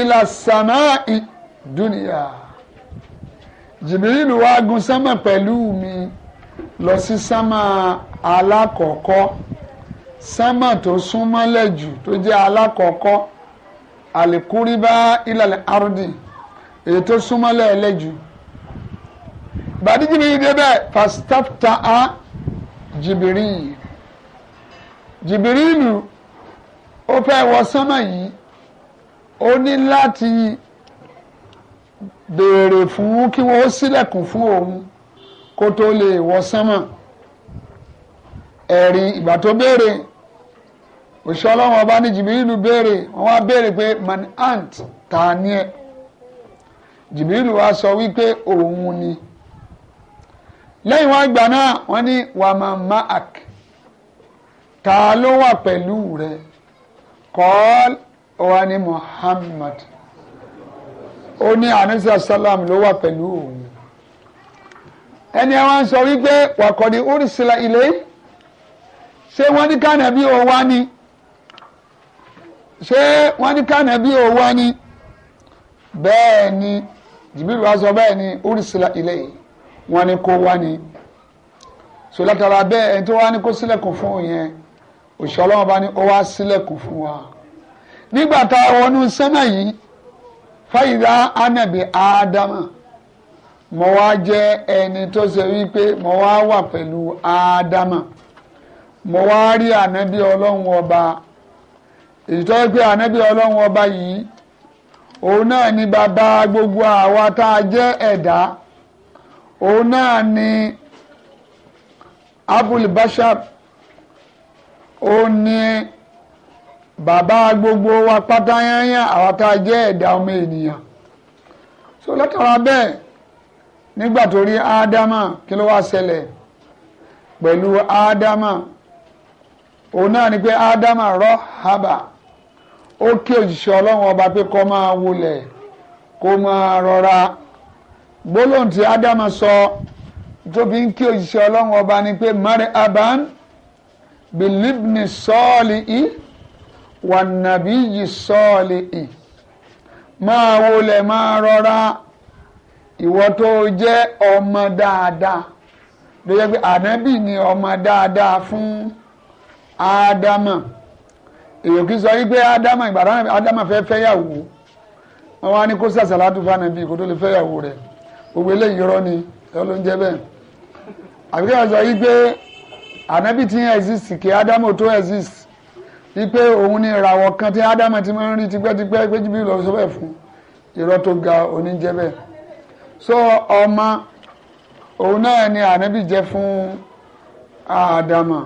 ìlà sàmáì dúnìyà jìbìrìlù wá gun sánmà pẹ̀lú mi lọ sí sánmà alákọ̀ọ́kọ́ sánmà tó súnmọ́lẹ̀ jù tó jẹ́ alákọ̀ọ́kọ́ àlékúríbá ìlàlẹ̀ àrùdì èyí tó súnmọ́lẹ̀ ẹlẹ́jù gbàdíjì bíi débẹ̀ pastafta a jìbìrì jìbìrìlù ó fẹ́ wọ sánmà yìí ó ní láti béèrè fún kí wọ́n ó sílẹ̀kùn fún òun kó tó lè wọ sánmà ẹ̀rí ìgbà tó béèrè òṣìṣẹ́ ọlọ́run ọba ní jìbìrìlù béèrè wọ́n wá béèrè pé man ant ta ni ẹ jìbìrìlù wa sọ wípé òun ni lẹ́yìn wọn gbà náà wọ́n ní wàmàmáàk ta ló wà pẹ̀lú rẹ̀ kọ́ọ́lù ó wá ní Muhammad ó ní anisa salam ló wà pẹ̀lú òun ẹni ẹ wá ń sọ wípé wàkọ̀dí orísìlá ilé ṣé wọ́n ní kànábí ò wá ni ṣé wọ́n ní kànábí ò wá ni bẹ́ẹ̀ ni jìbìrì wá sọ bẹ́ẹ̀ ni orísìlá ilé wọ́n ní kó wá ni so látara bẹ́ẹ̀ ẹni tó wá ní kó sílẹ̀kùn fún òun yẹn òṣìṣẹ́ ọlọ́wọ́n bá ní ó wá sílẹ̀kùn fún wa. nígbà tá a wọnú sánmà yìí fàyídà ànábì ádámà mo wá jẹ́ ẹni tó ṣe wípé mo wá wà pẹ̀lú ádámà mo wá rí ànábì ọlọ́run ọba ìtọ́jú pé ànábì ọlọ́run ọba yìí òun náà ni bàbá gbogbo àwa tá a jẹ́ ẹ̀dá òun náà ni abul bashab, òun ni. bàbá gbogbo wa pátá yányán àwa tá a jẹ́ ẹ̀dá ọmọ ènìyàn so látara bẹ́ẹ̀ nígbà tó rí ádámà kí ló wá ṣẹlẹ̀ pẹ̀lú ádámà òun náà ni pé ádámà rọ́ hábà ó kí òjìṣẹ́ ọlọ́run ọba pé kó máa wulẹ̀ kó máa rọra gbólóhùn tí ádámà sọ tó ń kí òjìṣẹ́ ọlọ́run ọba ni pé mari aban bilibni sọ́ọ̀lì yìí wà nàbí yìí sọ́ọ̀lì ì máa wọlé máa rọra ìwọ tó jẹ́ ọmọ dáadáa ló yẹ pé ànábì ni ọmọ dáadáa fún ádámà èèyàn kì í sọ wípé ádámà ìgbà ádámà fẹ́ fẹ́yàwó wọn wá ní kó sàṣàlátù fànàbí kó tó lè fẹ́yàwó rẹ̀ gbogbo eléyìí rọ ni ẹ ló ń jẹ bẹ́ẹ̀ àbíkẹ́ wọn sọ wípé ànábì ti ń exist kí ádámà tó exist wípé òun ni ìràwọ̀ kan tí ádámà ti máa ń rí tipẹ́tipẹ́ pé jíbí lọ sọ fún irọ́ tó ga oníjẹ́ bẹ́ẹ̀ so ọmọ òun náà ni ànábì jẹ́ fún ádámà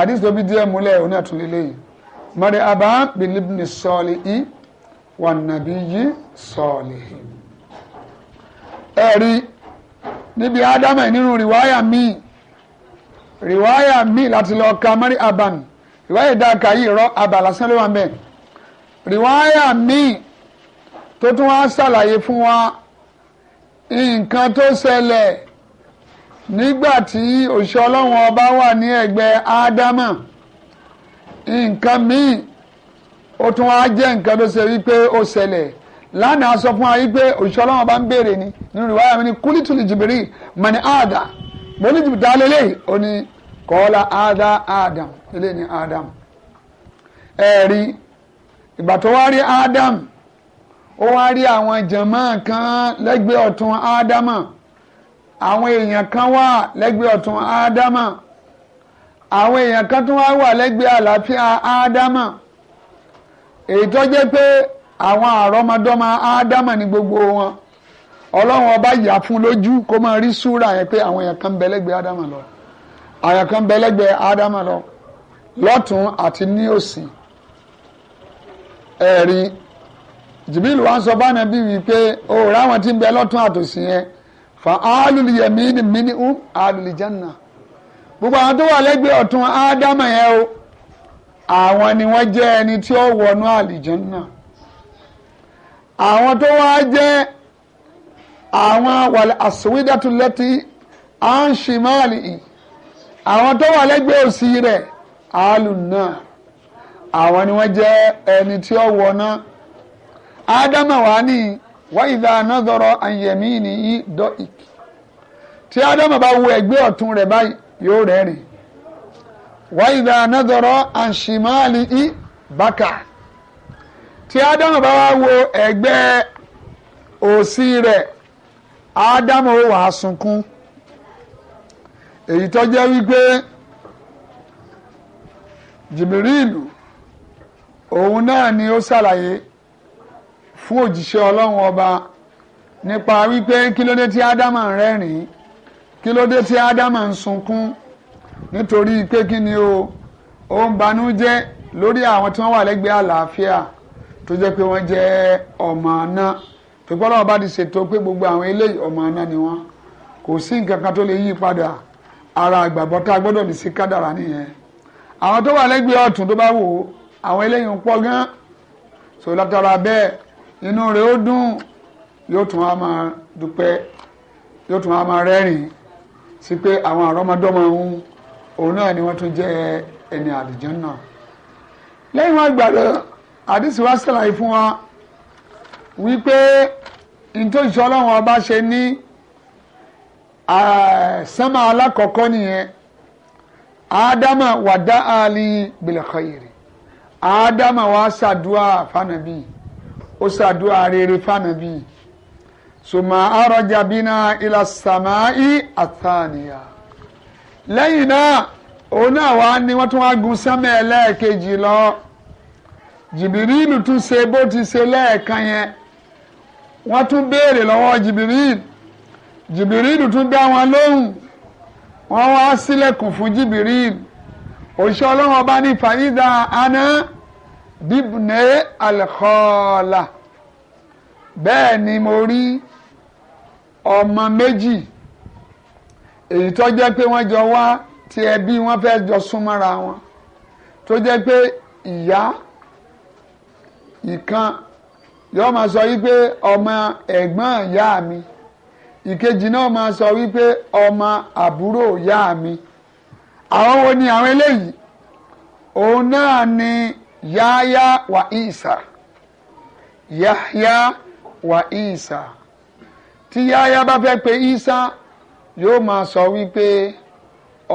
àdìsí tó bí díẹ̀ múlẹ̀ òun náà tún lélẹ́yìn mọ̀rẹ́ àbá bìlíbìnì sọ́ọ̀lì í wà nàbí yí sọ́ọ̀lì ẹ̀rí níbi ádámà nínú rìwáyà míì rìwáyà míì láti lọ ka mọ́rẹ́ àbáni ìwáyé dáka yìí rọ abàlá sẹ́lẹ̀ wà mẹ́ rìwáyà míì tó tún wá ṣàlàyé fún wa nǹkan tó ṣẹlẹ̀ nígbà tí òṣìṣẹ́ ọlọ́run ọba wà ní ẹ̀gbẹ́ ádámà nǹkan míì ó tún wá jẹ́ nǹkan tó ṣe wípé ó ṣẹlẹ̀ lánàá sọ fún wa wípé òṣìṣẹ́ ọlọ́run ọba ń béèrè ni nínú ìwáyà mi ni kúlítùlì jìbìrì mọ̀nì áàdà mo ní jìbìtà lélẹ́yìí ó ní kọ́ọ́lá ádá Adam eléyìí ni Adam ẹ̀rí ìgbà tó wá rí Adam ó wá rí àwọn jàmá kan lẹ́gbẹ̀ẹ́ ọ̀tún Ádámà àwọn èèyàn kan wà lẹ́gbẹ̀ẹ́ ọ̀tún Ádámà àwọn èèyàn kan tún wá wà lẹ́gbẹ̀ẹ́ àlàáfíà Ádámà èyí tó jẹ́ pé àwọn àrọ́mọdọ́mọ Ádámà ni gbogbo wọn ọlọ́run ọba yà fún lójú kó máa rí súrà yẹn pé àwọn èèyàn kan ń bẹ lẹ́gbẹ̀ẹ́ Ádámà lọ àyà kan bẹ lẹ́gbẹ̀ẹ́ ádámà lọ lọ́tún àti ní òsì ẹ̀rí jìbìlì wa ń sọ báyìí bí wípé o ráwọn tí ń bẹ lọ́tún àtòsí yẹn fa alùlù yẹmí ni mí ni um alùlù jẹ́nà gbogbo àwọn tó wà lẹ́gbẹ̀ẹ́ ọ̀tún ádámà yẹn o àwọn ni wọ́n jẹ́ ẹni tí ó wọnú àlìjẹ́nà àwọn tó wá jẹ́ àwọn wàlẹ̀ àsìwídàtúlẹ́tì à ń ṣe máàlì yìí àwọn tó wà lẹ́gbẹ̀ẹ́ òsì rẹ̀ àálù náà àwọn ni wọ́n jẹ́ ẹni tí ó wọ náà ádámà wà ní wáyìdá anádọ́rọ̀ àyẹ̀mí nìyí dọ́ ìkì tí ádámà bá wo ẹ̀gbẹ́ ọ̀tún rẹ̀ báyìí yóò rẹ́rìn wáyìdá anádọ́rọ̀ àṣìmáàlì í bákà tí ádámà bá wá wo ẹ̀gbẹ́ òsì rẹ̀ ádámà ó wàá sunkún èyí tó jẹ́ wípé jìbìrìlù òun náà ni ó ṣàlàyé fún òjíṣẹ́ ọlọ́run ọba nípa wípé kí ló dé tí ádámà ń rẹ́rìn-ín kí ló dé tí ádámà ń sunkún nítorí pé kí ni o ó ń banú jẹ́ lórí àwọn tí wọ́n wà lẹ́gbẹ̀ẹ́ àlàáfíà tó jẹ́ pé wọ́n jẹ́ ọmọ náà tó gbọ́dọ̀ bá ti ṣètò pé gbogbo àwọn eléyìí ọmọ náà ni wọ́n kò sí nǹkan kan tó lè yí padà ara àgbàgbọ́ tá a gbọ́dọ̀ ní sí kádàrá nìyẹn àwọn tó wà lẹ́gbẹ̀ẹ́ ọ̀tún tó bá wò ó àwọn eléyìí ń pọ̀ gan so látara bẹ́ẹ̀ inú rẹ̀ ó dùn yóò tún á máa dúpẹ́ yóò tún á máa rẹ́rìn sí pé àwọn àrọ́mọdọ́mọ ń òun náà ni wọ́n tún jẹ́ ẹni àlùjọ náà lẹ́yìn wọn gbàdọ̀ àdìsí wa ṣàlàyé fún wa wípé ntòjọ́ ọlọ́run ọba ṣe ní sánmà alákọ̀ọ́kọ́ nìyẹn ádámà wàdá àlì bìlẹ̀kọ̀yèrè ádámà wàá ṣàdúrà fànàbí ó ṣàdúrà rere fànàbí sùmà àrọ̀jà bínà ilà sàmáì àtàníyà lẹ́yìn náà òun náà wàá ní wọ́n tún wá gun sánmà ẹlẹ́ẹ̀kejì lọ jìbìrìlù tún ṣe bó ti ṣe lẹ́ẹ̀kan yẹn wọ́n tún béèrè lọ́wọ́ jìbìrìlù jìbìrìlù tún dá wọn lóhùn wọ́n wá sílẹ̀kùn fún jìbìrìlù òṣìṣẹ́ ọlọ́run ọba ní fàyídà aná bíbùnẹ́ àlẹ́kọ́ọ̀là bẹ́ẹ̀ ni mo rí ọmọ méjì èyí tó jẹ́ pé wọ́n jọ wá tí ẹbí wọn fẹ́ jọ súnmọ́ra wọn tó jẹ́ pé ìyá ìkan yóò máa sọ yí pé ọmọ ẹ̀gbọ́n ìyá mi ìkejì náà máa sọ wípé ọmọ àbúrò ìyá mi àwọn wo ni àwọn eléyìí òun náà ni yáyá wà ìsà yáyá wà ìsà tí yáyá bá fẹ́ pe ìsà yóò máa sọ wípé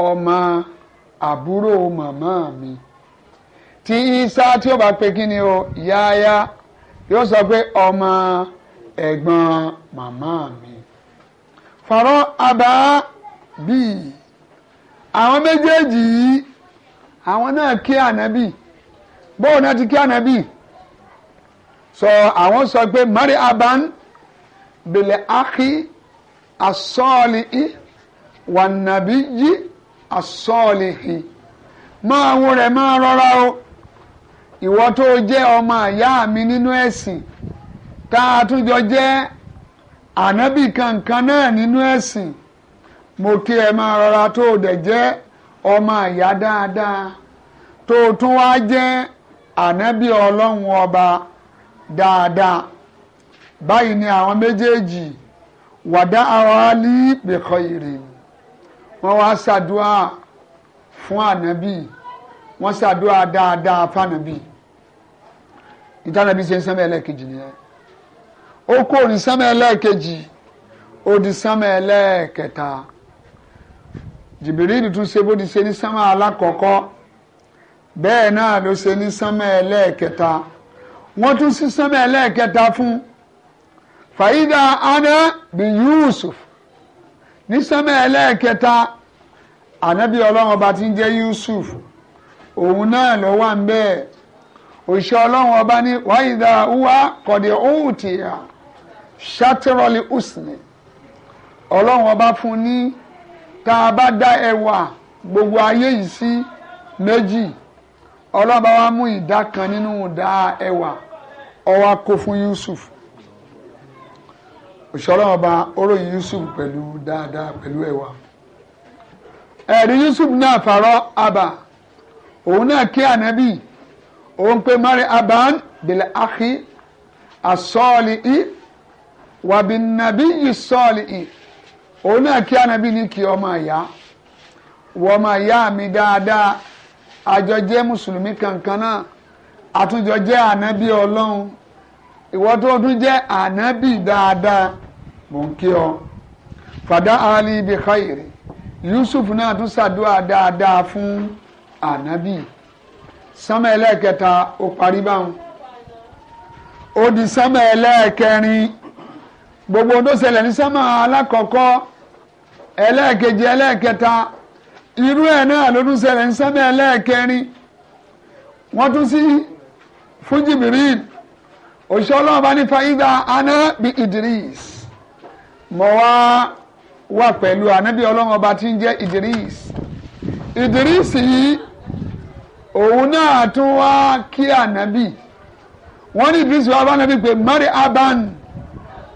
ọmọ àbúrò màmá mi tí ìsà tí ó bá pe kí ni o yáyá yóò sọ pé ọmọ ẹ̀gbọ́n màmá mi fọ̀rọ̀ aba bíi àwọn méjèèjì yìí àwọn náà kí ànábì bóun náà ti kí ànábì sọ àwọn sọ pé mari aban bèlè ákì asọ́ọ̀lì i wà nàbí yí asọ́ọ̀lì i máa wo rẹ̀ máa rọra o ìwọ tó jẹ́ ọmọ àyá mi nínú ẹ̀sìn tá a tún jọ jẹ́ ànábì kankan náà nínú ẹ̀sìn mo kí ẹ máa rọra tó o dẹ̀ jẹ́ ọmọ ìyá dáadáa tó o tún wá jẹ́ ànábì ọlọ́run ọba dáadáa báyìí ni àwọn méjèèjì wàdá àwọn alí pẹ̀kọ́ ìrè wọ́n wá ṣàdúrà fún ànábì wọ́n ṣàdúrà dáadáa fún ànábì ìtànàbí ṣe ń sẹ́mẹ̀ẹ́lẹ́kejì nìyẹn. ó kó ní sánmà ẹlẹ́ẹ̀kejì ó di sánmà ẹlẹ́ẹ̀kẹta jìbìrìlì tún ṣe bó se ní sánmà alákọ̀ọ́kọ́ bẹ́ẹ̀ náà ló ní sánmà wọ́n tún sí sánmà fún ana bin Yusuf ní ọba Yusuf òun náà ló wà ń ọba ní uwa ṣàtìrọ̀lì usni ọlọ́run ọba fún ní tá a bá dá ẹwà gbogbo ayé yìí sí méjì ọlọ́run bá wá mú ìdá kan nínú ìdá ẹwà ó wá fún Yusuf òṣèlú ọba oróyìn Yusuf pẹ̀lú dáadáa pẹ̀lú ẹwà ẹ̀rí Yusuf náà fàrọ̀ abà òun náà kí ànábì òun pé mari aban bìlẹ̀ àkí asọ́ọ̀lì i wàbí nàbí ìsọ̀lì ì òun náà kí ànábì ní kí ọmọ ìyá wọ́n máa yá mi dáadáa àjọ mùsùlùmí kankan náà àtúnjọ jẹ́ ọlọ́run ìwọ tó tún jẹ́ ànábì dáadáa mò ń kí ọ fàdá ali ibi káyèrè yusuf náà tún ṣàdúrà dáadáa fún ànábì sánmà ẹlẹ́ẹ̀kẹta ó parí báwọn ó di sánmà ẹlẹ́ẹ̀kẹrin gbogbo ohun tó ṣẹlẹ̀ ní sánmà alákọ̀ọ́kọ́ ẹlẹ́ẹ̀kejì ẹlẹ́ẹ̀kẹta irú ẹ̀ náà ló tún ṣẹlẹ̀ ní sánmà ẹlẹ́ẹ̀kẹrin wọ́n tún sí fún Jibril òṣìṣẹ́ ọlọ́run bá ní fàyídà aná bí Idris mọ̀ wá wà pẹ̀lú ànábì ọlọ́run ọba tí ń jẹ́ Idris Idris yìí òun náà tún wá kí ànábì wọ́n ní Idris wá bá ànábì pé mari aban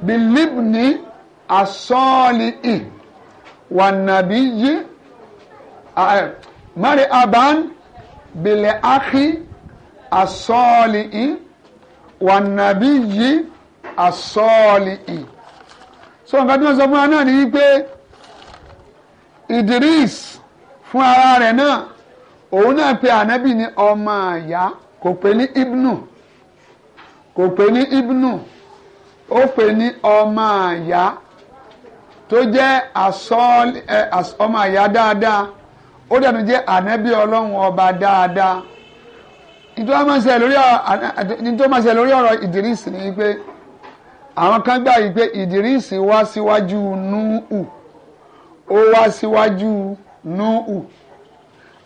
bilibni asọ́ọ̀lì wànàbí yí mari aban bilẹ̀ akhi asọ́ọ̀lì wànàbí yí asọ́ọ̀lì so nǹkan tí wọ́n sọ fún wa náà ni wípé Idris fún ara rẹ̀ náà òun náà pe ànábì ní ọmọ àyà kò pè ní ibnu kò pè ní ibnu. ó pè ní ọmọ àyà tó jẹ́ ọmọ àyà dáadáa ó dànù jẹ́ ànábì ọlọ́run ọba dáadáa nítorí máa ṣe lórí ọ̀rọ̀ Ìdírísì ni pé àwọn kan gbà yìí pé Ìdírísì wá síwájú Núhù ó wá síwájú Núhù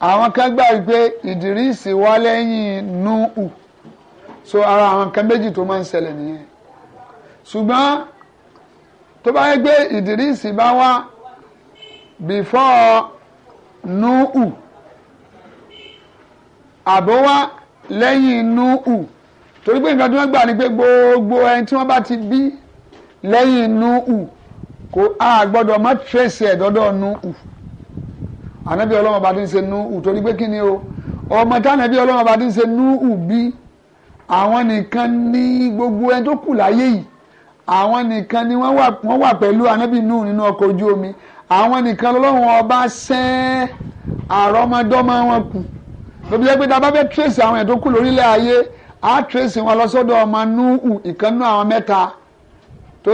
àwọn kan gbà yìí pé Ìdírísì wá lẹ́yìn Núhù so ara àwọn kan méjì tó máa ń ṣẹlẹ̀ nìyẹn ṣùgbọ́n tó bá yẹ gbé ìdírísì bá wá bìfọ́ núhù àbó wá lẹ́yìn núhù torí pé nǹkan tí wọ́n gbà ní pé gbogbo ẹni tí wọ́n bá ti bí lẹ́yìn núhù kò á gbọ́dọ̀ má tẹ̀sí ẹ̀ dọ́dọ̀ núhù ànábì ọlọ́mọba ti ń ṣe núhù torí pé kí ni o ọmọ tánàbí ọlọ́mọba ti ń ṣe núhù bí àwọn nìkan ní gbogbo ẹni tó kù láyé yìí àwọn nìkan ni wọ́n wà pẹ̀lú anábì nù nínú ọkọ̀ ojú omi àwọn nìkan lọ́lọ́run ọba àrọ́mọdọ́mọ wọn kù lóbi jẹ́ pé tá a bá fẹ́ tírèsì àwọn ẹ̀ tó kù lórílẹ̀ ayé a tírèsì wọn lọ sọ́dọ̀ ọmọ núhù ìkànnú àwọn mẹ́ta tó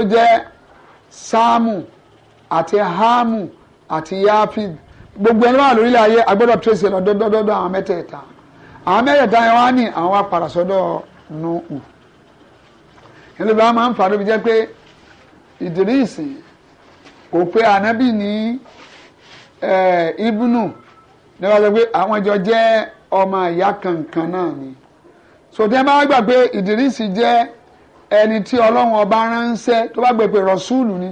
gbogbo ẹni wà lórílẹ̀ ayé a lọ dọ́dọ́dọ́dọ́ àwọn mẹ́tẹ̀ẹ̀ta àwọn mẹ́tẹ̀ẹ̀ta yẹn wá ní àwọn apàràsọ́dọ̀ ẹlẹ́bí wa máa ń bi lóbi jẹ́ pé Ìdírísì kò pe ànábì ní ibùnú nígbà tó pé àwọn ìjọ jẹ́ ọmọ ìyá kankan náà ni So sòtẹ́ bá gbà pé Idris jẹ́ ẹni tí ọlọ́run ọba ránṣẹ́ tó bá gbé pé rọ̀ṣúùlù ni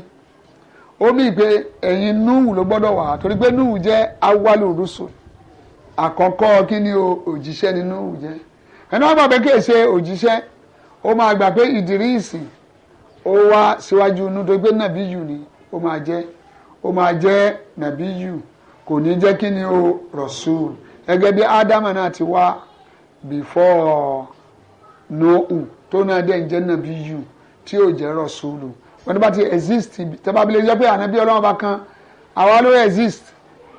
ó mì pé ẹ̀yin núhù ló gbọ́dọ̀ wà torí pé núhù jẹ́ awálù rúṣùlù àkọ́kọ́ kí ni òjíṣẹ́ ni núhù jẹ́ ẹni wọ́n gbà pé kí èsè òjíṣẹ́ ó máa gbà pé ìdírísì ó wá síwájú inú tó gbé nàbíyù ni ó máa jẹ́ ó máa jẹ́ nàbíyù kò ní jẹ́ kí ni o rọ̀ṣùl gẹ́gẹ́ bí ádámà náà ti wá bìfọ́ọ̀ nóhù tó náà dẹ̀ ń jẹ́ nàbíyù tí ò jẹ́ rọ̀ṣùlù wọ́n ti bá ti exist tẹ́bábílẹ̀ jẹ́ pé ànábí ọlọ́run bá kan àwa ló exist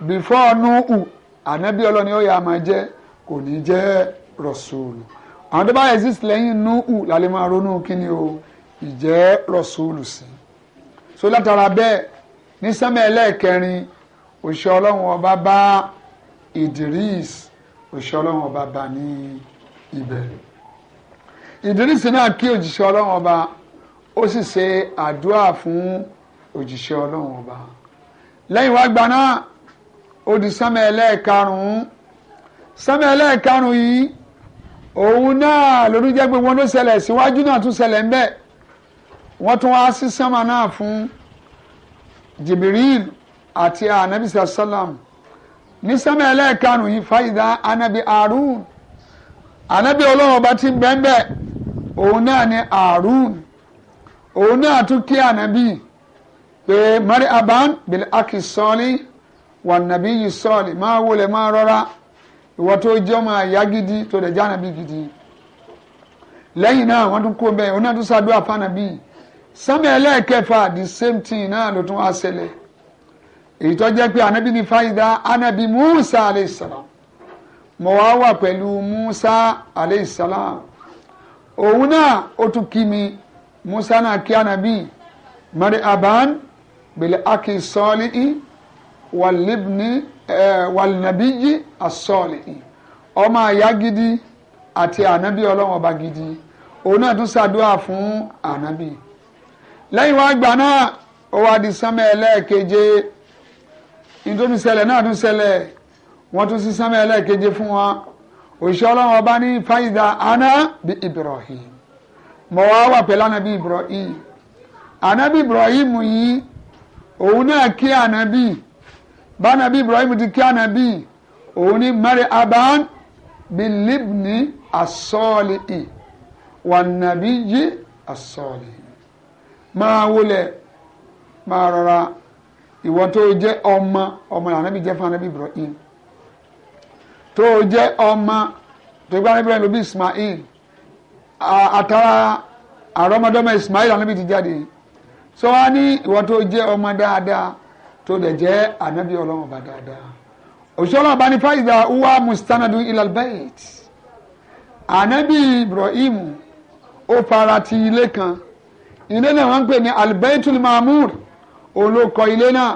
bìfọ́ọ̀ nóhù ànábí ọlọ́run ni ó yà máa jẹ́ kò ní jẹ́ rọ̀ṣùlù àwọn tó bá exist lẹ́yìn núhù lálẹ́ máa ronú kíni o ìjẹ́ rọ̀súlù sí so látara bẹ́ẹ̀ ní sẹ́mẹ̀ ẹlẹ́ẹ̀kẹrin òṣìṣẹ́ ọlọ́run ọba bá Idris òṣìṣẹ́ ọlọ́run ọba bá ní ibẹ̀ Idris náà kí òjíṣẹ́ ọlọ́run ọba ó sì ṣe àdúrà fún òjíṣẹ́ ọlọ́run ọba lẹ́yìn wá gba ó di sẹ́mẹ̀ ẹlẹ́ẹ̀karùn-ún sẹ́mẹ̀ ẹlẹ́ẹ̀karùn-ún yìí òun náà lórí jẹ́ pé wọn ló ṣẹlẹ̀ síwájú náà tún ṣẹlẹ̀ ńbẹ̀ wọ́n tún wá sí sánmà náà fún Jibril àti anabi sallam ní sánmà ẹlẹ́ẹ̀karùn-ún yìí fàyídà anabi Harun anabi ọlọ́run ọba ti ń bẹ́ẹ̀ bẹ́ẹ̀ òun náà ni Harun òun náà tún kí anabi pé mari aban bil akisọ́ọ̀lì wà nàbí yìí sọ́ọ̀lì máa wọlé máa rọra ìwọ tó jẹ́ ọmọ ìyá gidi tó dẹ̀ jẹ́ ànábì gidi lẹ́yìn náà wọ́n tún kó bẹ́ẹ̀ onáà tún ṣàdúrà fànàbí sánmẹ́ ẹlẹ́ẹ̀kẹfà the same thing náà ló tún wá ṣẹlẹ̀ èyí tó jẹ́ pé ànábì ní fáyidá ànábì Musa aleyhisselam mo wá wà pẹ̀lú Musa aleyhisselam òun náà ó tún kí mi Musa náà kí ànábì mari aban bẹ̀lẹ̀ akisọ́ọ́lì wàlíbni Eh, wàlìnàbíyí àsọ̀lì ọmọ àyá gidi àti anabi ọlọ́run ọba gidi òun náà tún ṣàdúrà fún anabi lẹ́yìn wá gbà náà ó wá di sánmẹ́ ẹlẹ́ẹ̀keje nítorí náà tún ṣẹlẹ̀ wọ́n tún sí sánmẹ́ ẹlẹ́ẹ̀keje fún wa òṣìṣẹ́ ní fáyidà bí Ibrahim mọ̀ wá wà pẹ̀lú Ibrahim Ibrahim yìí òun náà bánabi Ibrahim ti kí ànábì òun ní mari aban bilibni asọ́ọ̀lì ì wà nàbí yí asọ́ọ̀lì máa wọlé máa rọra ìwọ tó jẹ́ ọmọ ọmọ ànábì jẹ́ fún ànábì Ibrahim tó jẹ́ ọmọ tó gbá ànábì Ibrahim ló bí Ismail àtàrà àrọ́mọdọ́mọ Ismail ànábì ti jáde sọ wá ní ìwọ tó jẹ́ ọmọ dáadáa tó dẹ̀ jẹ́ ànábì ọlọ́run bá dáadáa òṣìṣẹ́ ọlọ́run bá ní fáyidà uwa mustanadu ilal bayt ànábì Ibrahim ó fara ti ilé kan ilé náà wọ́n ń pè ní albaitul mamur òun ló kọ́ ilé náà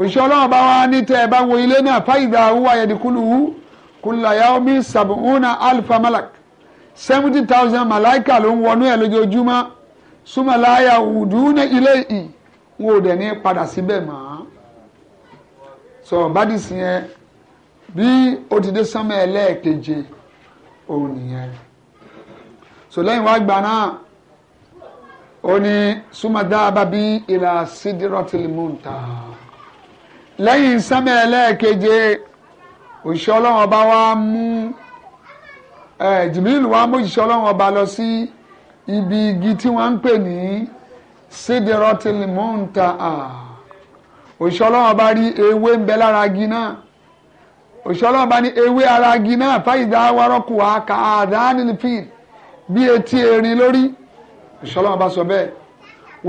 òṣìṣẹ́ ọlọ́run bá ní tẹ́ ẹ bá wo ilé náà fáyidà uwa yẹ̀dìkúlù wú kùlàyàwómi sàbùnúnà alfa malak seventy thousand malaika ló ń wọnú ẹ̀ lójoojúmọ́ súnmọ́ láyà wùdú ní ilé yìí wọn ò dẹ̀ ní padà síbẹ̀ mọ́ so bádìsí yẹn bí ó ti dé sánmà ẹlẹ́ẹ̀keje òun nìyẹn so lẹ́yìn wá gbà náà ó ní súnmọ́dá bábí ìlà sídìrọ́tìlímùntà lẹ́yìn sánmà ẹlẹ́ẹ̀keje òṣìṣẹ́ ọlọ́run ọba wa mú ẹ wa mú òṣìṣẹ́ ọlọ́run ọba lọ sí ibi igi tí wọ́n ń pè ní sídìrọ́tìlímùntà òṣìṣẹ́ ọlọ́run ọba rí ewé ń bẹ lára igi náà òṣìṣẹ́ ọlọ́run ọba ní ewé ara igi náà fáyidá wárọ́kù wá ká àdánìlì fíìl bí etí erin lórí òṣìṣẹ́ ọlọ́run ọba sọ bẹ́ẹ̀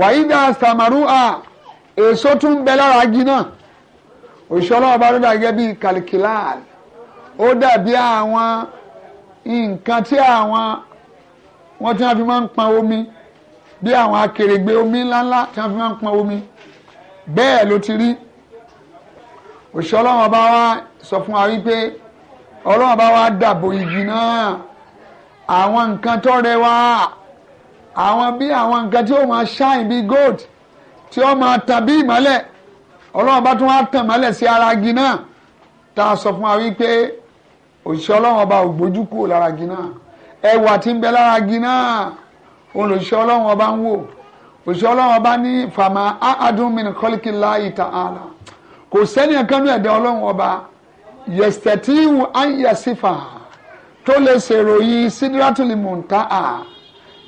wàyídà sàmàrú à èso tún ń bẹ lára igi náà òṣìṣẹ́ ọlọ́run ọba gẹ́gẹ́ bíi kàlìkìláàlì ó dàbí àwọn nǹkan tí àwọn wọ́n tí wọ́n fi máa ń pọn omi bí àwọn akèrègbè omi ńláńlá tí wọ́n fi máa ń pọn omi bẹ́ẹ̀ ló ti rí òṣìṣẹ́ ọlọ́run ọba wa sọ fún wa wípé ọlọ́run ọba wa dàbò igi náà àwọn nǹkan tó rẹwà àwọn bí àwọn nǹkan tí ó máa shine bí gold tí ó máa tàn bí ìmọ́lẹ̀ ọlọ́run ọba tún wá tàn mọ́lẹ̀ sí ara igi náà tá a sọ fún wa wípé òṣìṣẹ́ ọlọ́run ọba ò gbójú kúrò lára igi náà ẹwà tí ń bẹ lára igi náà olùṣẹ́ ọlọ́run ọba ń wò òṣìṣẹ́ ọlọ́run ọba ní fàmà àádùnmínú kọ́líkìlá ìta àlà kò sẹ́ni ẹ̀kan ní ẹ̀dá ọlọ́run ọba yẹ̀sítẹ̀tìwù ayẹ̀sífà tó lè ṣèròyìn sídírátìlì mùntà à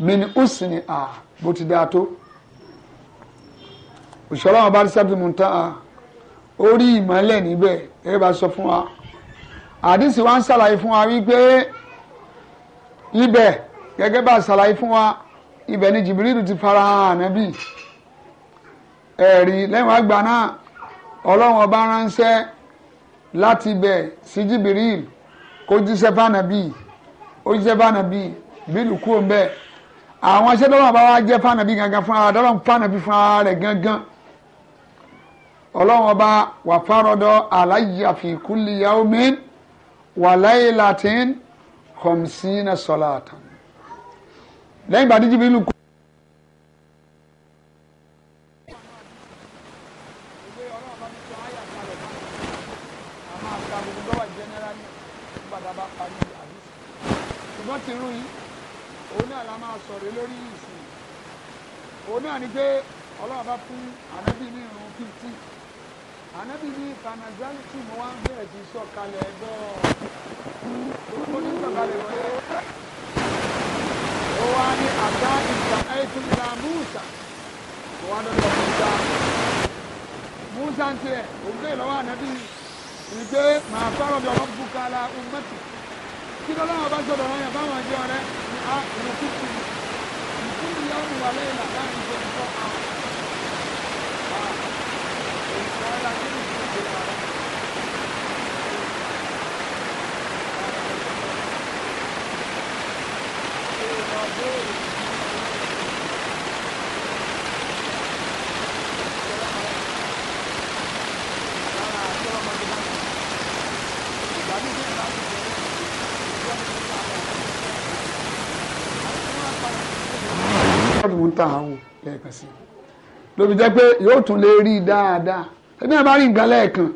mìíní ùsìn à bó ti dáa tó òṣìṣẹ́ ọlọ́run ọba sídírátìlì mùntà à orí ìmọ̀lẹ̀ níbẹ̀ ẹ bá sọ fún wa àdìsí wa ń ṣàlàyé fún wa wípé ibẹ̀ gẹ́gẹ́ bá ṣàlàyé fún wa ibẹ̀ ni jìbìrìlù ti fara hàn ànábì ẹ̀rí lẹ́yìn àgbà náà ọlọ́run ọba ránṣẹ́ láti ibẹ̀ sí jìbìrìlù kó jíṣẹ́ fànàbì ó jíṣẹ́ fànàbì bílù kú òun bẹ́ẹ̀ àwọn iṣẹ́ tọ́lọ́run ọba wa jẹ́ fànàbì gangan fún ara tọ́lọ́run fànàbì fún ara rẹ̀ gangan ọlọ́run ọba wà fárọ́dọ̀ aláyà fi kulli yawmin wà láyé latin khamsina salatan lẹ́yìn ìgbà tí Jibril kú. ṣùgbọ́n ti rú yìí òun náà la máa sọ̀rọ̀ lórí ìsìn òun náà ni pé ọlọ́run bá fún ànábì ní irun fifty ànábì ní tanazaliti mo wá ń bẹ̀rẹ̀ sí sọ̀kalẹ̀ ẹ̀dọ́ orúkọ ní sọ̀kalẹ̀ wọlé wá ní àdá ìgbà ẹ̀sùn ìlà Musa kò wá dọ́dọ̀ Musa Musa ń tiẹ̀ òun bẹ́ẹ̀ lọ́wọ́ ànábì ìgbé màá fẹ́ràn bí ọmọ bukala umati kí lọ́la wọn bá sọ̀rọ̀ wọn yẹn báwọn jẹ́ ọ̀rẹ́ ní a ìlú kùtù ìkúlù yẹn wù wà lẹ́yìn àdá ìjọ ìfọ́ àwọn. ọdún tá a wò lẹ́ẹ̀kan sí lóbi jẹ́ pé yóò tún lè rí dáadáa ẹni àbá rí nǹkan lẹ́ẹ̀kan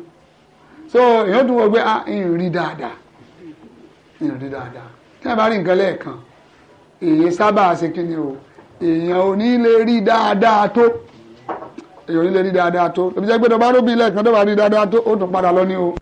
so yóò tún wọ pé ah ń rí dáadáa ń rí dáadáa ẹni àbá rí nǹkan lẹ́ẹ̀kan èyí sábà ṣe kí ni o èèyàn ò ní lè rí dáadáa tó èèyàn ò ní lè rí dáadáa tó òbí jẹ́ bá róbi ilẹ̀ tó bá rí dáadáa tó ó tún padà lọ ní o.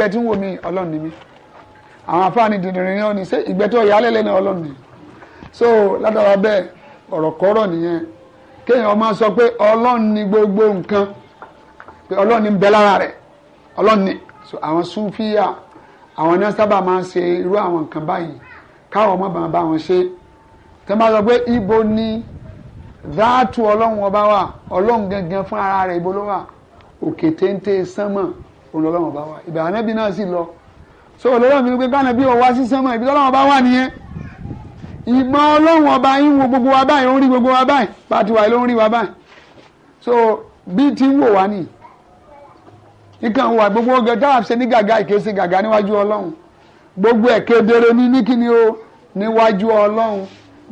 ìgbẹ́ tí ń wò mí ọlọ́run ni mí àwọn afáàní dìndìnrín ni wọ́n ní ṣé ìgbẹ́ tó yà á lẹ́lẹ́ náà ọlọ́run ni so látara bẹ́ẹ̀ ọ̀rọ̀kọ́rọ̀ nìyẹn kéèyàn máa sọ pé ọlọ́run ni gbogbo nǹkan pé ọlọ́run ni ń bẹ lára rẹ̀ ọlọ́run ni so àwọn súfíà àwọn náà sábà máa ń ṣe irú àwọn nǹkan báyìí káwọn ọmọ bàbá bá wọn ṣe tẹ́ máa sọ pé ibo ni dáàtú ọlọ́run ọba wà ọlọ́run gangan fún ara rẹ̀ ibo ló wà òkè téńté sánmọ̀ olùlọ́wọ́n bá wà ibẹ̀ ànábì náà sì lọ so olùlọ́wọ́n mi ní pé báyìí bí ọwọ́ sí sẹ́mọ̀ ibi tọ́lọ́wọ́n bá wà nìyẹn ìmọ̀ ọlọ́wọ́n ọba yín wo gbogbo wa báyìí ó ń rí gbogbo wa báyìí pàtó wa ló ń rí wa báyìí so bí ti ń wò wá nìyí nǹkan wà gbogbo ọgẹ tá a ṣe ní gàgà ìkéṣe gàgà níwájú ọlọ́run gbogbo ẹ̀ kedere ní ní kíni o níwájú ọlọ́run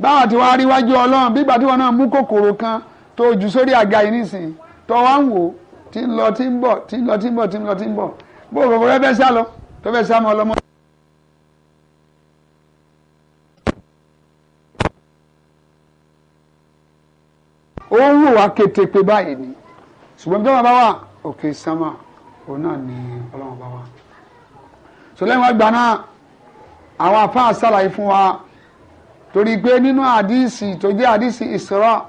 báwa ti wá ríwájú ọlọ́run bí ìgbà tí wọn náà mú kòkòrò kan tó jù sórí àga yìí nísìnyí tó wá ń wò ó tí ń lọ tí ń bọ̀ tí ń lọ tí ń bọ̀ tí ń lọ tí ń bọ̀ bó o bọ̀ bẹ́ẹ̀ sá lọ tó bẹ́ẹ̀ sá mọ́ ọlọ́mọ. ó ń wò wá kété pé báyìí ni ṣùgbọ́n bí wọ́n bá wà òkè sámà òun náà ni ọlọ́run bá wà. sọlẹ́yìn wá gbà náà àwọn àfáà ṣàlàyé fún wa torí pé nínú àdìsí tó jẹ́ àdìsí Isra'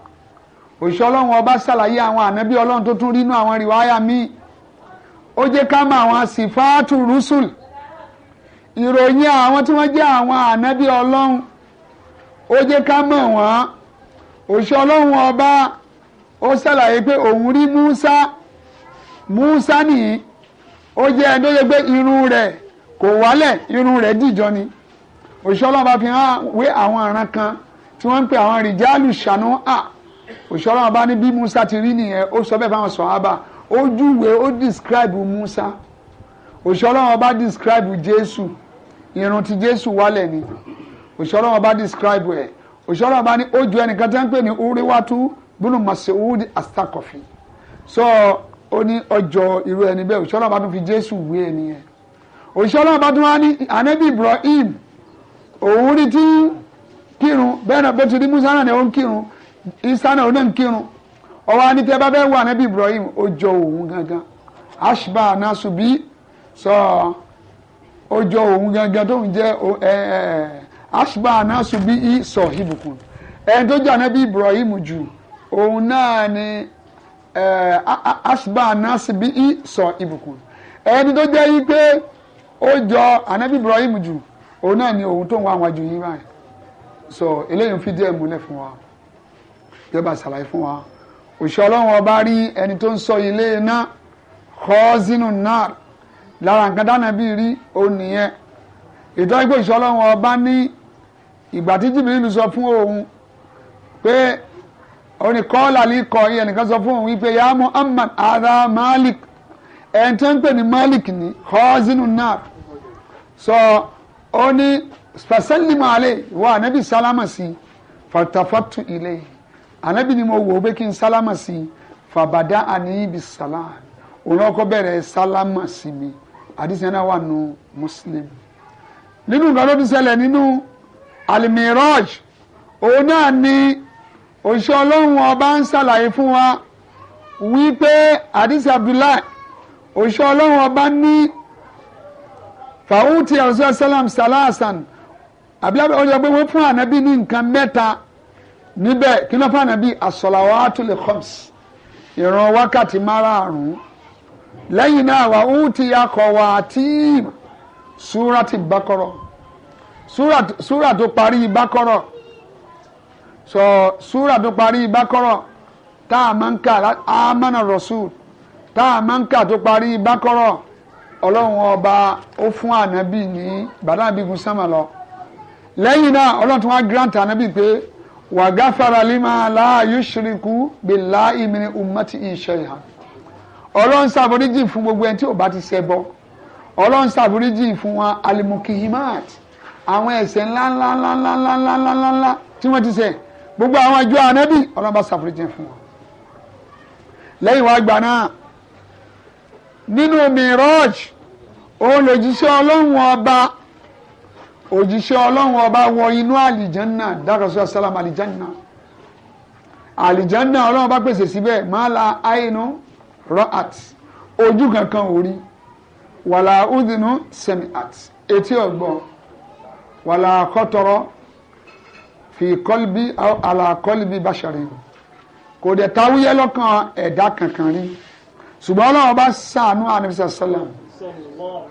òṣìṣẹ́ ọlọ́run ọba ṣàlàyé àwọn ànábí ọlọ́run tó tún rínú àwọn rìwáyà míì ó jẹ́ ká mọ àwọn sífáàtù rúṣùl ìròyìn àwọn tí wọ́n jẹ́ àwọn ànábí ọlọ́run ó jẹ́ ká mọ̀ wọ́n òṣìṣẹ́ ọlọ́run ọba ó ṣàlàyé pé òun rí Musa Musa nìyí ó jẹ́ ẹni tó yẹ pé irun rẹ̀ kò wálẹ̀ irun rẹ̀ dìjọ ni òṣìṣẹ́ ọlọ́run bá fi hàn wé àwọn àràn kan tí wọ́n ń pè àwọn rìjálù ṣànú à. Ah òṣìṣẹ́ ọlọ́run bá bí Musa ti rí nìyẹn ó sọ bẹ́ẹ̀ fáwọn sọ̀hábà ó ó describe Musa òṣìṣẹ́ ọlọ́run bá describe Jésù irun ti Jésù wálẹ̀ ni òṣìṣẹ́ ọlọ́run describe ẹ̀ òṣìṣẹ́ ọlọ́run bá ní ó ju ẹnìkan tẹ́ ń pè ní uriwatu bùnú Masoud Astakọ̀fì so ó ní ọjọ́ irú ẹni bẹ́ẹ̀ òṣìṣẹ́ ọlọ́run tún fi Jésù wé ẹni yẹn òṣìṣẹ́ ọlọ́run bá tún wá ní anabi Ibrahim òun rí tí kírun bẹ́ẹ̀ náà bó ti rí Musa náà ni ó ń kírun isa náà onáà ń kírun ọwọ́ á ní tẹ́ bá fẹ́ wà Ibrahim ó jọ òun gangan ashba nasubi sọ ó jọ òun gangan tó ń jẹ́ ashba nasubi sọ hibukun. ẹni tó jẹ́ Ibrahim jù òun náà ni ashba nasubi sọ ibùkún ẹni tó jẹ́ je pé ó jọ anabi Ibrahim jù òun náà ni òun tó ń wá àwọn àjò yìí báyìí so eléyìí ń fi díẹ̀ múlẹ̀ fún wa. yóò bá ṣàlàyé fún wa òṣìṣẹ́ ọlọ́run ọba rí ẹni tó ń sọ ilé iná kọ́ọ́sínú náà lára nǹkan dáná bíi rí òun nìyẹn ìtọ́jú pé òṣìṣẹ́ ọlọ́run ọba ní ìgbà tí jìbìrìlù sọ fún òun pé òun ni kọ́ọ̀là lè kọ́ iye nìkan sọ fún òun wípé ya Muhammad ara Malik ẹni tó ń pè ní Malik ní kọ́ọ́sínú náà sọ ó ní pàṣẹ́límọ̀ àlè wà níbi sálámà sí fàtàfàtù ilé yìí ànábì ni mo wò ó pé kí n sálámà sí i fàbàdà àníyìnbí sàlá òun ọkọ bẹ̀rẹ̀ sálámà sí mi àdìsí náà wà nù muslim nínú nǹkan tó ti ṣẹlẹ̀ nínú alimiraj òun náà ni òṣìṣẹ́ ọlọ́run ọba ń ṣàlàyé fún wa wípé àdìsí abdullahi òṣìṣẹ́ ọlọ́run ọba ní fàwùtì ọ̀ṣọ́ sálàm sàlásàn àbí ọjọ́ pé wọ́n fún ànábì ní nǹkan mẹ́ta níbẹ̀ kí ló fà nàbí as-salawatul khams ìran wákàtí márààrún lẹ́yìn náà wà ó ti akọ̀ wà tí súra ti bákọ̀rọ̀ súra tó parí bákọ̀rọ̀ sọ súra tó parí bákọ̀rọ̀ tá a máa ń kà ámánà rasul tá a máa ń kà tó parí bákọ̀rọ̀ ọlọ́run ọba ó fún ànábì ní bàdánàbí gun sánmà lọ lẹ́yìn náà ọlọ́run tó wá grant ànábì pé wàgáfàrà lima láàyè ṣìrìkú bìlá ìmìnì umati ìṣẹ̀yà ọlọ́run ṣàforíjì fún gbogbo ẹni tí ò bá ti ṣẹbọ ọlọ́run ṣàforíjì fún wa alimukihimat àwọn ẹ̀ṣẹ̀ ńláńláńláńláńláńláńlá tí wọ́n ti ṣẹ̀ gbogbo àwọn ìjọ ànábì ọlọ́run bá ṣàforíjì fún wa lẹ́yìn wá gbà náà nínú miraj òun lòjíṣẹ́ ọlọ́run ọba òjíṣẹ́ ọlọ́run ọba wọ inú àlìjánná dákàtúnṣe sálàm àlìjánná àlìjánná ọlọ́run ọba pèsè síbẹ̀ máa la àìnú rọ́àt ojú kankan ò rí wàlà údìnnú sẹ́mìàt etí ọ̀gbọ́n wàlà kọ́tọ̀rọ̀ fi kọ́lbí àlà kọ́lbí bàṣẹ̀rẹ̀ kò dẹ̀ táwúyẹ́ lọ́kàn ẹ̀dá kankan rí ṣùgbọ́n ọlọ́run ọba ṣàánú ànàbísà sálàm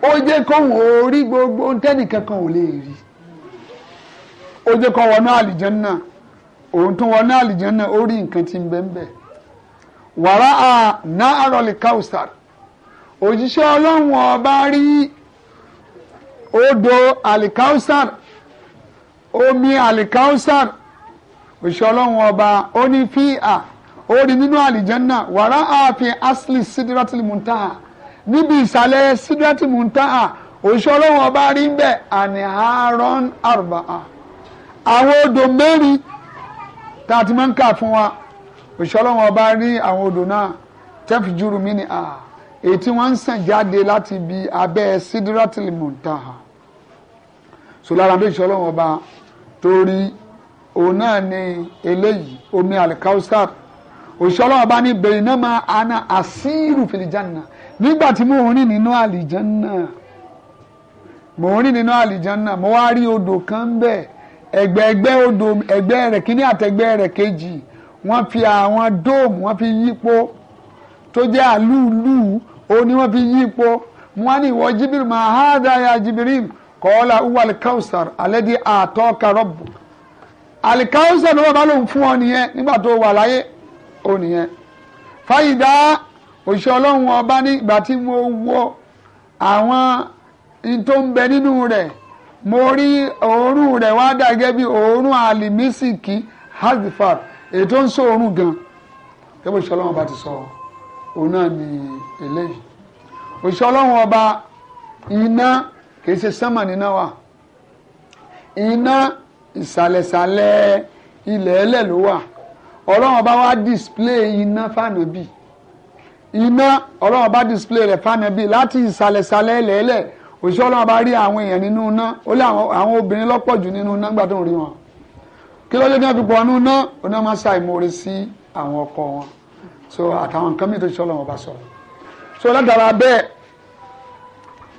ó jẹ́ kóhùn orí gbogbo tẹ́nìkan kan ò lè rí ó jẹ́ kó wọnú àlìjẹ́nà òun tó wọnú àlìjẹ́nà ó rí nǹkan tí ń bẹ ń bẹ wàrà à náà àròlé kausar òjíṣẹ́ ọlọ́run ọba rí odò àlìkausar omi àlìkausar òṣìṣẹ́ ọlọ́run ọba ó ní fíà ó rí nínú àlìjẹ́nà wàrà àfi asli sidratil muntaha níbi ìsàlẹ̀ sídẹ́tì mùtáhà òṣìṣẹ́ ọlọ́run ọba rí ń bẹ̀ àní aaron arba àwọn odò mẹ́rin tá a ti máa ń kà fún wa òṣìṣẹ́ ọlọ́run ọba rí àwọn odò náà tẹ́fì júrù mí ni à èyí tí wọ́n ń sàn jáde láti ibi abẹ́ sídẹ́tì mùtáhà so lára bí òṣìṣẹ́ ọlọ́run ọba torí òun náà ni eléyìí omi alikausar òṣìṣẹ́ ọlọ́run ọba ní bẹ̀rẹ̀ náà máa ana àsírù fìlìjánà náà nígbà tí mò ń rìn nínú àlìjánná mò ń rìn nínú àlìjánná mo wá rí odò kan ń bẹ ẹ̀gbẹ́ ẹ̀gbẹ́ odò ẹ̀gbẹ́ rẹ̀ kíní àtẹ̀gbẹ́ rẹ̀ kejì wọ́n fi àwọn dóòmù wọ́n fi yípo tó jẹ́ àlúùlù òun ni wọ́n fi yípo wọ́n ní ìwọ jibiru mahada ya jibirim kọ́ọ́lá uwal kausar alẹ́dí àtọ́ka rọ́bù alikausar ló wà bá lòun fún ọ nìyẹn nígbà tó wà láyé ó nìyẹn fàyídá òṣìṣẹ́ ọlọ́run ọba ní tí mo wo àwọn n tó ń bẹ nínú rẹ̀ mo rí òórùn rẹ̀ wá dà gẹ́gẹ́ bí òórùn àlìmísìkì hasifat èyí tó ń sọ òórùn gan gẹ́gẹ́ bó ọlọ́run ọba ti sọ òun náà ni eléyìí òṣìṣẹ́ ọlọ́run ọba iná kì í ṣe sánmà níná wà iná ìsàlẹ̀sàlẹ̀ ilẹ̀ ẹlẹ̀ ló wà ọlọ́run ọba wá display iná fànàbí iná ọlọ́run bá display rẹ̀ fànàbí láti ìsàlẹ̀sàlẹ̀ lẹ́lẹ̀ òṣìṣẹ́ ọlọ́run bá rí àwọn èèyàn nínú iná ó lé àwọn obìnrin lọ́pọ̀ jù nínú iná nígbà tó ń rí wọn kí ló dé náà fi pọ̀ ọ́nú iná oná máa ṣàìmoore sí àwọn ọkọ wọn so àtàwọn nǹkan mìíràn tó ṣiṣẹ́ ọlọ́run bá sọ so látara bẹ́ẹ̀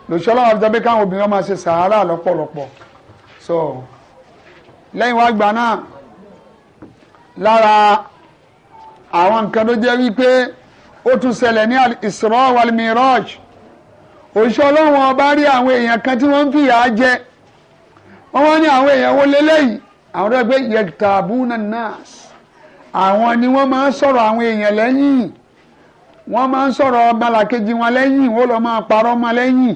lòṣìṣẹ́ ọlọ́run àti jábẹ́ káwọn obìnrin máa ṣe sàárà lọ́pọ̀lọpọ̀ so lẹ́yìn wá gbà náà lára àwọn nǹkan tó jẹ́ wípé ó tún ṣẹlẹ̀ ní Isra wal Miraj òṣìṣẹ́ ọlọ́run ọba rí àwọn èèyàn kan tí wọ́n ń fìyà jẹ wọ́n wá ní àwọn èèyàn wo lélẹ́yìí àwọn rẹ̀ gbé yẹ̀tàbùnà nas àwọn ni wọ́n máa ń sọ̀rọ̀ àwọn èèyàn lẹ́yìn wọ́n máa ń sọ̀rọ̀ ọmọlàkejì wọn lẹ́yìn wọ́n lọ máa parọ́ ọmọ lẹ́yìn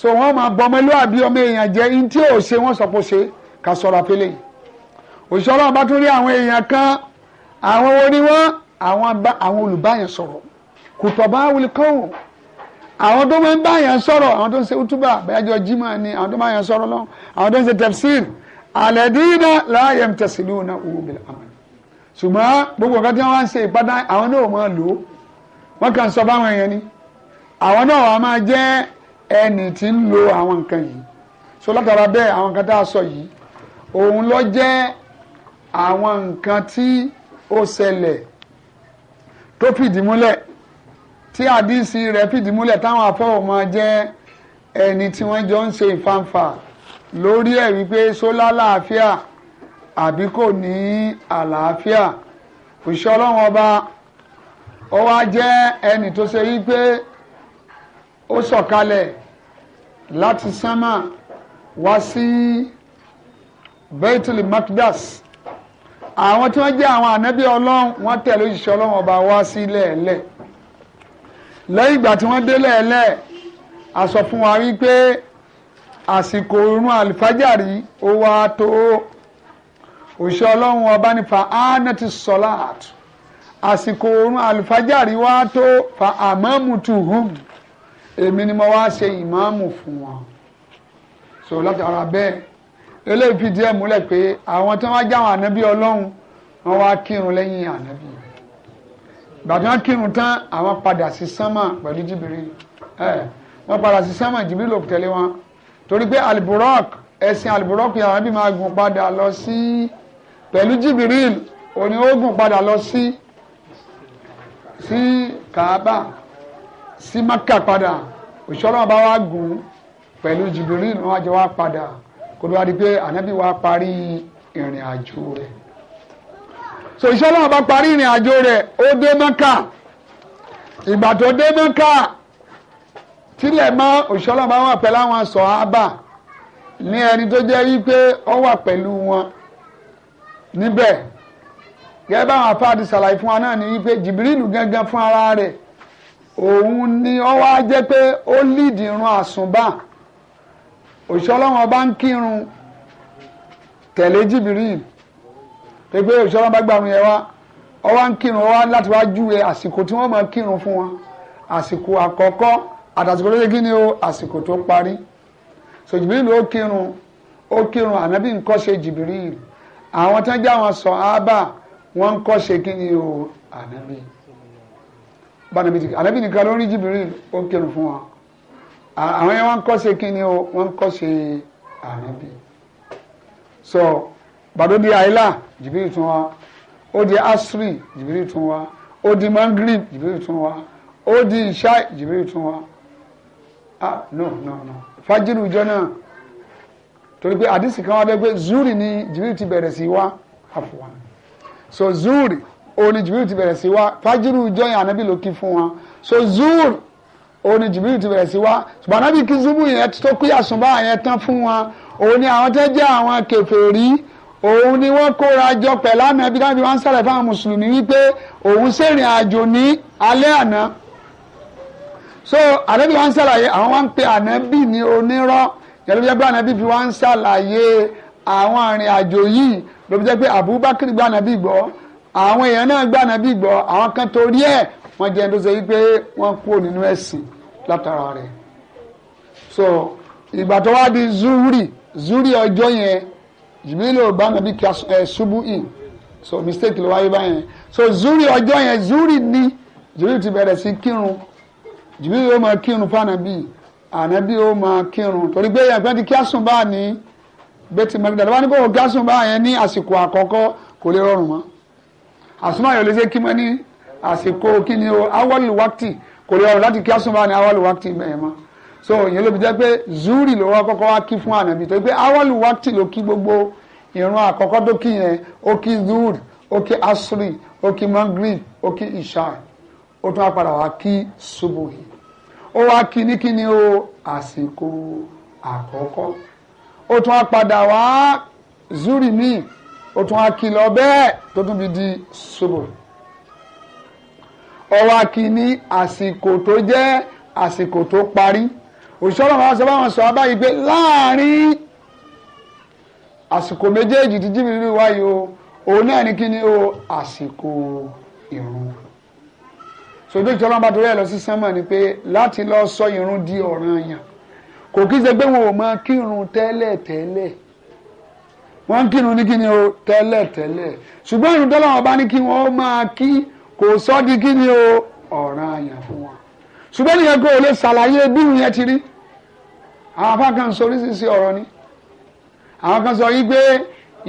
so wọ́n máa bọmọlúwàbí ọmọ èèyàn jẹ́ in tí ò ṣe wọ́n sọ̀pọ̀ ṣe kà sọ̀rọ̀ àfẹlẹ́ òṣìṣẹ́ ọlọ́run bá tún rí àwọn èèyàn kan àwọn wo àwọn àwọn olùbáyàn sọ̀rọ̀ kùtọ̀bá wùlíkọ́wù àwọn tó máa ń báyàn sọ̀rọ̀ àwọn tó ń ṣe útúbà bẹ́ẹ̀jọ jimá ni àwọn tó báyàn sọ̀rọ̀ lọ àwọn tó ń ṣe tafsir àlẹ́dínà láàyè tẹ̀sílù náà wù mí àmà ṣùgbọ́n gbogbo nǹkan tí wọ́n ń ṣe ìpadà àwọn náà máa lò ó wọ́n kàn sọ báwọn èèyàn ni àwọn náà wàá máa jẹ́ ẹni tí ń lo àwọn nǹkan yìí so látara bẹ́ẹ̀ àwọn nǹkan tá a sọ yìí òun ló jẹ́ àwọn nǹkan tí ó ṣẹlẹ̀ tó fìdí múlẹ̀ tí àdìsí rẹ̀ fìdí múlẹ̀ táwọn afọ́wọ́ máa jẹ́ ẹni tí wọ́n jọ ń ṣe ìfanfà lórí ẹ̀ wípé sólá làáfíà àbí kò ní àlàáfíà òṣìṣẹ́ ọlọ́run ọba ó wá jẹ́ ẹni tó ṣe wípé ó sọ̀kalẹ̀ láti sánmà wá sí Baitul Maqdas àwọn tí wọ́n jẹ́ àwọn ànábì ọlọ́run wọ́n tẹ̀lé òṣìṣẹ́ ọlọ́run ọba wá sí lẹ́ẹ̀lẹ́ lẹ́yìn ìgbà tí wọ́n dé lẹ́ẹ̀lẹ́ a fún wa wípé àsìkò oorun àlìfájàrí ó wá tó òṣìṣẹ́ ọlọ́run ọba ní fa ánẹ́tì sọ́láàt àsìkò oorun àlìfájàrí wá tó fa àmọ́mù tuhum èmi ni mo wá ṣe ìmáàmù fún wọn so láti ara bẹ́ẹ̀ eléyìí fìdí ẹ̀ múlẹ̀ pé àwọn tí wọ́n já àwọn ànábì ọlọ́run wọ́n wá kírun lẹ́yìn ànábì gbàtí wọ́n kírun tán àwọn padà sí sánmà pẹ̀lú jìbìrì ẹ̀ wọ́n padà sí sánmà jìbìrì ló tẹ̀lé wọn torí pé alburok ẹ̀sìn alburok yàrá bí máa gùn padà lọ sí pẹ̀lú jìbìrì òní ó gùn padà lọ sí sí kaaba sí maka padà òṣèlú ọba gùn pẹ̀lú jìbìrì wọn jọ wá padà kó tó wá di pé ànábì wa parí ìrìn àjò rẹ̀ so iṣẹ́ náà bá parí ìrìn àjò rẹ̀ ó dé mọ́kà ìgbà tó dé mọ́kà tílẹ̀ mọ́ òṣìṣẹ́ náà bá wà pẹ̀lú àwọn sọ̀hábà ní ẹni tó jẹ́ wípé ó wà pẹ̀lú wọn níbẹ̀ gẹ́gẹ́ báwọn afáàdì ṣàlàyé fún wa náà ni wípé jìbìrìlù gangan fún ara rẹ̀ òun ni ó wá jẹ́ pé ó lídìí irun àsùnbà òṣìṣẹ́ ọlọ́run ọba ń kírun tẹ̀lé jìbìrì pé pé òṣìṣẹ́ ọlọ́run bá gbàrún yẹn wá ọwá ń kírun ọwá láti wá júwe àsìkò tí wọ́n máa kírun fún wọn àsìkò àkọ́kọ́ àtàsìkò tó ṣe kí ni o àsìkò tó parí so jìbìrì ló kírun ó kírun ànábì ń kọ́ ṣe jìbìrì àwọn tó ń jẹ́ àwọn sọ ábà wọ́n ń kọ́ ṣe kí ni o ànábì ànábì nìkan ló rí jìbìrì ó kírun fún wọn àwọn yẹn wọ́n ń kọ́ ṣe o wọ́n ń kọ́ ṣe ànábì so bàdó di àìlà jìbìrì tún wá ó di asri jìbìrì tún wá ó di mangrib jìbìrì tún wá ó di ìṣá jìbìrì tún wá ah no no no fájìrì ìjọ náà torí pé àdìsí kan wá dé pé zuri ni jìbìrì ti bẹ̀rẹ̀ sí wá àfọwọ́ so zuri òun ni jìbìrì ti bẹ̀rẹ̀ sí wá fájìrì ìjọ yẹn ànábì ló kí fún wa so zuri òun ni jìbìrì ti bẹ̀rẹ̀ sí wá ṣùgbọ́n anábì kí zubu yẹn tó kí àsùnbà yẹn tán fún wọn òun ni àwọn tẹ́ jẹ́ àwọn kèfèrí òun ni wọ́n kóra jọ pẹ̀lú àmì ẹbí dábì wọ́n ń fáwọn mùsùlùmí wípé òun ṣèrìn àjò ní alẹ́ àná so ànábì wọ́n ń sàlàyé àwọn wọ́n pe ànábì ní onírọ́ yẹn ló fi jẹ́ pé ànábì fi wọ́n ń sàlàyé àwọn arìn àjò yìí ló fi jẹ́ pé Abubakar gba ànábì gbọ́ àwọn èèyàn náà gba ànábì gbọ́ àwọn kan torí ẹ̀ wọ́n jẹ́ tó ṣe wípé wọ́n kúrò nínú ẹ̀sìn látara rẹ̀ so ìgbà tó wá di zuri zuri ọjọ́ yẹn jìbìlò bá nàbí kí ṣubú in so mistake ló wáyé báyẹn so zuri ọjọ́ yẹn zuri ni zuri ti bẹ̀rẹ̀ sí kírun jìbìlò yóò máa kírun fànàbí ànábì yóò máa kírun torí pé yẹn pẹ́ẹ́ntì kí àsùn bá ní bẹ́tì mẹ́rìndà lọ́wọ́ ní kò kí àsùn bá yẹn ní àsìkò àkọ́kọ́ kò lè rọrùn mọ́ àsùnmáyọ̀ lè ṣe kí mọ́ ní àsìkò kí o awọ́lì wákìtì kò lè ọ̀rùn láti kí àsùnbà ní awọ́lì wákìtì mẹ́yẹn mọ́ so ìyẹn ló fi jẹ́ pé zuri ló wá kọ́kọ́ wá kí fún ànàbì tó pé awọ́lì wákìtì ló kí gbogbo ìrun àkọ́kọ́ tó kí yẹn ó kí zuri ó kí asri ó kí mangrib ó kí isha ó tún á wá kí subuhi ó wá kí ní kí o àsìkò àkọ́kọ́ ó tún á wá zuri míì ó tún á kí lọ bẹ́ẹ̀ tó tún fi di subuhi ọwọ́ akínní àsìkò tó jẹ́ àsìkò tó parí òṣìṣẹ́ ọlọ́run wa sọ báwọn sọ abáyé pé láàrin àsìkò méjèèjì tí jìbìrì wáyé o òun náà ní kíni o àsìkò ìrun sọdọ ìjọba bá torí ẹ lọ sí sánmà ni pé láti lọ sọ ìrun di ọ̀ranyàn kò kí ṣe pé wọn ò mọ kírun tẹ́lẹ̀ tẹ́lẹ̀ wọ́n kírun ní kíni o tẹ́lẹ̀ tẹ́lẹ̀ ṣùgbọ́n ìrun tọ́lọ́wọ́n bá ní kí wọ́n máa kí kò sọ di kí ni o ọ̀ràn àyàn fún wa ṣùgbọ́n nìyẹn kò lè ṣàlàyé bí ìyẹn ti rí àwọn afá kan sọ oríṣiríṣi ọ̀rọ̀ ni àwọn kan sọ yí pé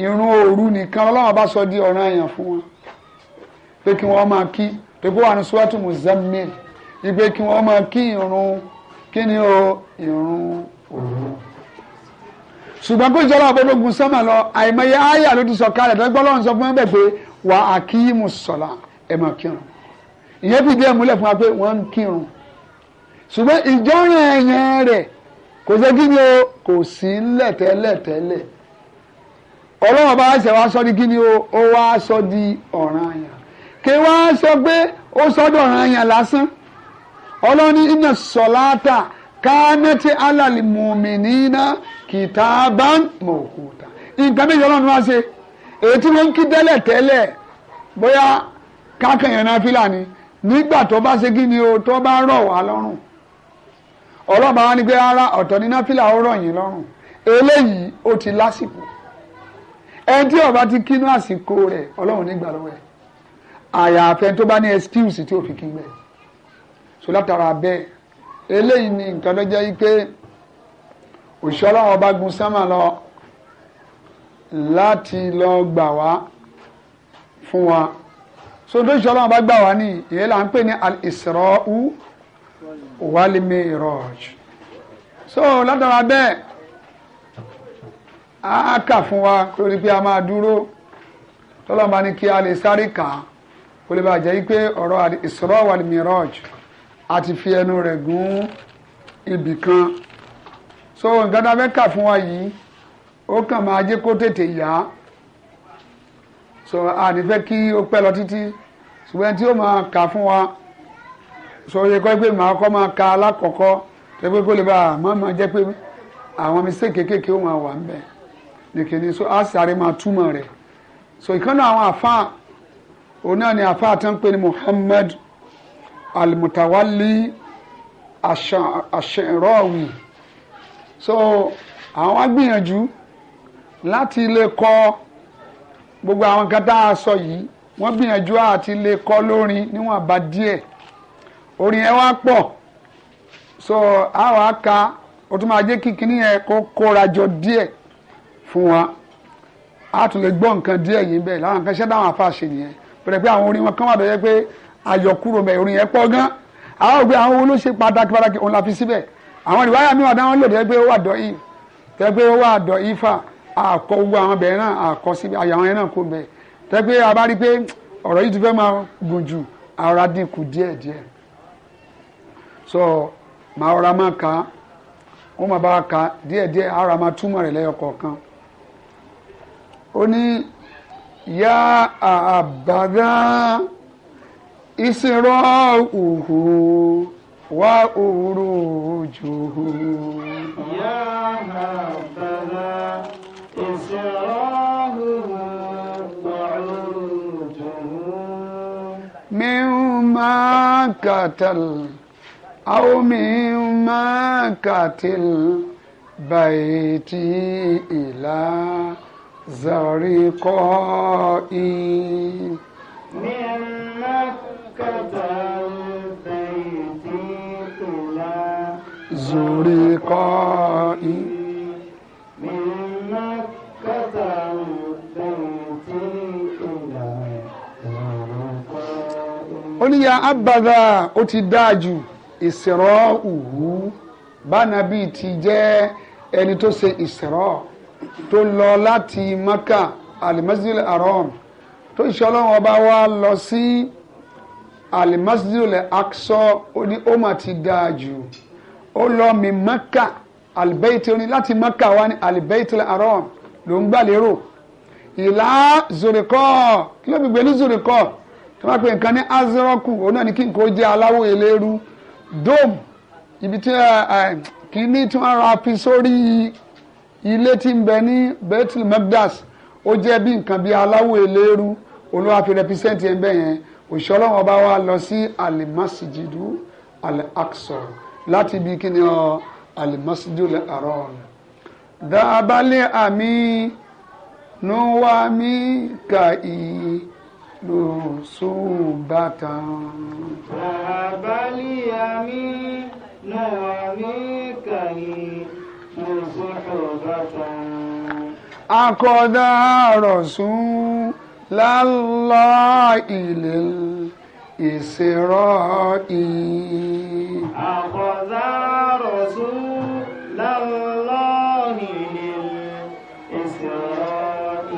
ìrun òru nìkan ọlọ́run bá sọ di ọ̀ràn àyàn fún wa pé kí wọ́n máa kí pé kó wà ní Suratu Muzammil ìgbé kí wọ́n máa kí ìrun kí ni o ìrun òru ṣùgbọ́n kó ìjọba àbọ̀dógún sọ́mà lọ àìmọye ááyà ló ti tó gbọ́ lọ́run sọ fún ẹ bẹ́ẹ̀ pé wà á kí mùsọ̀lá ẹ máa kírun ìyẹn fi díẹ̀ múlẹ̀ fún wa pé wọ́n ń kírun ṣùgbọ́n ìjọ́rin ẹ̀yàn rẹ̀ kò sí kí ni o kò sí lẹ̀tẹ́lẹ̀tẹ́lẹ̀ ọlọ́run bá ṣe wá sọ di kí ni o ó wá sọ di ọ̀ràn àyàn kí wá sọ pé ó sọ ọ̀ràn àyàn lásán ọlọ́run ní iná sọ̀láàtà kánẹ́tì alàlìmùmìnínà kìtàbán mọ̀ọ́kúta nǹkan méjì ọlọ́run wá ṣe èyí tí wọ́n ń kí tẹ́lẹ̀ tẹ́lẹ̀ bóyá kákànyàn náà fílà ni nígbà tó bá ṣe kí ni o tó bá rọ̀ wá lọ́rùn ọlọ́ba wa ni pé rárá ọ̀tọ̀ ní náfìlà ó rọ̀ yín lọ́rùn eléyìí ó ti lásìkò ẹni tí ọba ti kínú àsìkò rẹ̀ ọlọ́run nígbà lọ́wọ́ ẹ̀ àyàfẹ́ tó bá ní excuse tí ò fi kí so látara bẹ́ẹ̀ eléyìí ni nǹkan tó jẹ́ pé òṣìṣẹ́ ọba gun sánmà lọ láti lọ gbà wá Fún wa so tó ṣe ọlọ́run bá gbà wá ní ìyẹn là ń al-Isra'u wal-Mi'raj so látara bẹ́ẹ̀ a kà fún wa lórí pé a máa dúró tọ́lọ́run bá ní kí a lè sáré kà á kó lè bá al-Isra'u wal-Mi'raj a ti fi ẹnu rẹ̀ gún ibì kan so nǹkan tá a fẹ́ kà fún wa yìí ó kàn máa jẹ́ kó tètè yá so a ní fẹ́ kí ó pẹ́ lọ ṣùgbọ́n ẹni tí ó máa kà fún wa sọ yẹ kọ́ pé màá kọ́ máa ka alákọ̀ọ́kọ́ tó pé kó lè bá àmọ́ máa jẹ́ pé àwọn mistake kéékèèké ó máa wà ń bẹ̀ nìkan ni so á sáré máa túmọ̀ rẹ̀ so ìkan náà àwọn àfáà òun náà ni àfáà tó ń pè ní Muhammad al-Mutawalli aṣèrọ́ọ̀wì so àwọn agbìyànjú láti lè kọ gbogbo àwọn kan tá a sọ yìí wọ́n gbìyànjú àti lè kọ lórin níwọ̀n bá díẹ̀ orin yẹn wá pọ̀ so a wàá ka o tún máa jẹ́ kí kinní yẹn kó kóra jọ díẹ̀ fún wa a tún lè gbọ́ nǹkan díẹ̀ yìí bẹ́ẹ̀ láwọn nǹkan iṣẹ́ táwọn afa ṣe nìyẹn pẹ̀lẹ́ pé àwọn orin wọn kàn wà tó yẹ pé àyọkúrò bẹ̀ orin yẹn pọ̀ gan àwọn òbí àwọn owó ló ṣe pàtàkì pàtàkì òun la fi síbẹ̀ àwọn ìwáyà mi wà dáwọn lò pé ó wà dọ̀ yìí àkọ gbogbo àwọn bẹ̀rẹ̀ náà àkọ síbi àyàwọn yẹn náà kò bẹ̀rẹ̀ tẹ́gbẹ́ a pé ọ̀rọ̀ yìí ti fẹ́ máa gùn jù ara dínkù díẹ̀ díẹ̀ sọ màá ọ̀rá máa kà á wọ́n máa bá kà á díẹ̀ díẹ̀ ara máa túmọ̀ rẹ̀ lẹ́yọ kọ̀ọ̀kan ó ní yá àbàdá ìṣirọ́ òhù wá òhùrù òjò. yá àbàdá. إصراره وعوده مما قتل أو مما قتل بيتي إلى زرقائي مما قتل بيتي إلى زرقائي ó ní ya abada ó ti dáa jù ìsẹ̀rọ̀ òwú bánabi ti jẹ́ ẹni tó ṣe ìsẹ̀rọ̀ tó lọ láti maka alimasjid aram tó ṣe ọlọ́run ọba wa lọ sí alimasjid aksọ ó ní ó mà ti dáa jù ó lọ mi maka alibẹ́ẹ̀tì ó ní láti maka wá ní alibẹ́ẹ̀tì aram ló ń gbà lérò ìlà zorikọ́ kí ló fi gbé ní zorikọ́ tó bá pè nǹkan ní azerọ́kù òun náà ni kí nǹkan ó jẹ́ aláwọ̀ eléru dome ibi tí kìíní tí wọ́n ra fi sórí ilé tí ń bẹ ní Bethel Magdas ó jẹ́ bí nǹkan bí aláwọ̀ eléru olúwa fi rẹpísẹ́ǹtì ẹ̀ ń yẹn òṣìṣẹ́ ọlọ́run wa lọ sí alimasijidu al láti ibi kí ni ọ alimasijidu al dábàlẹ̀ àmì nuwami kàì. يتلو سوبة ذهب اليمين وميكي صحبة أقد رسول الله للإسراء أقد رسول الله للإسراء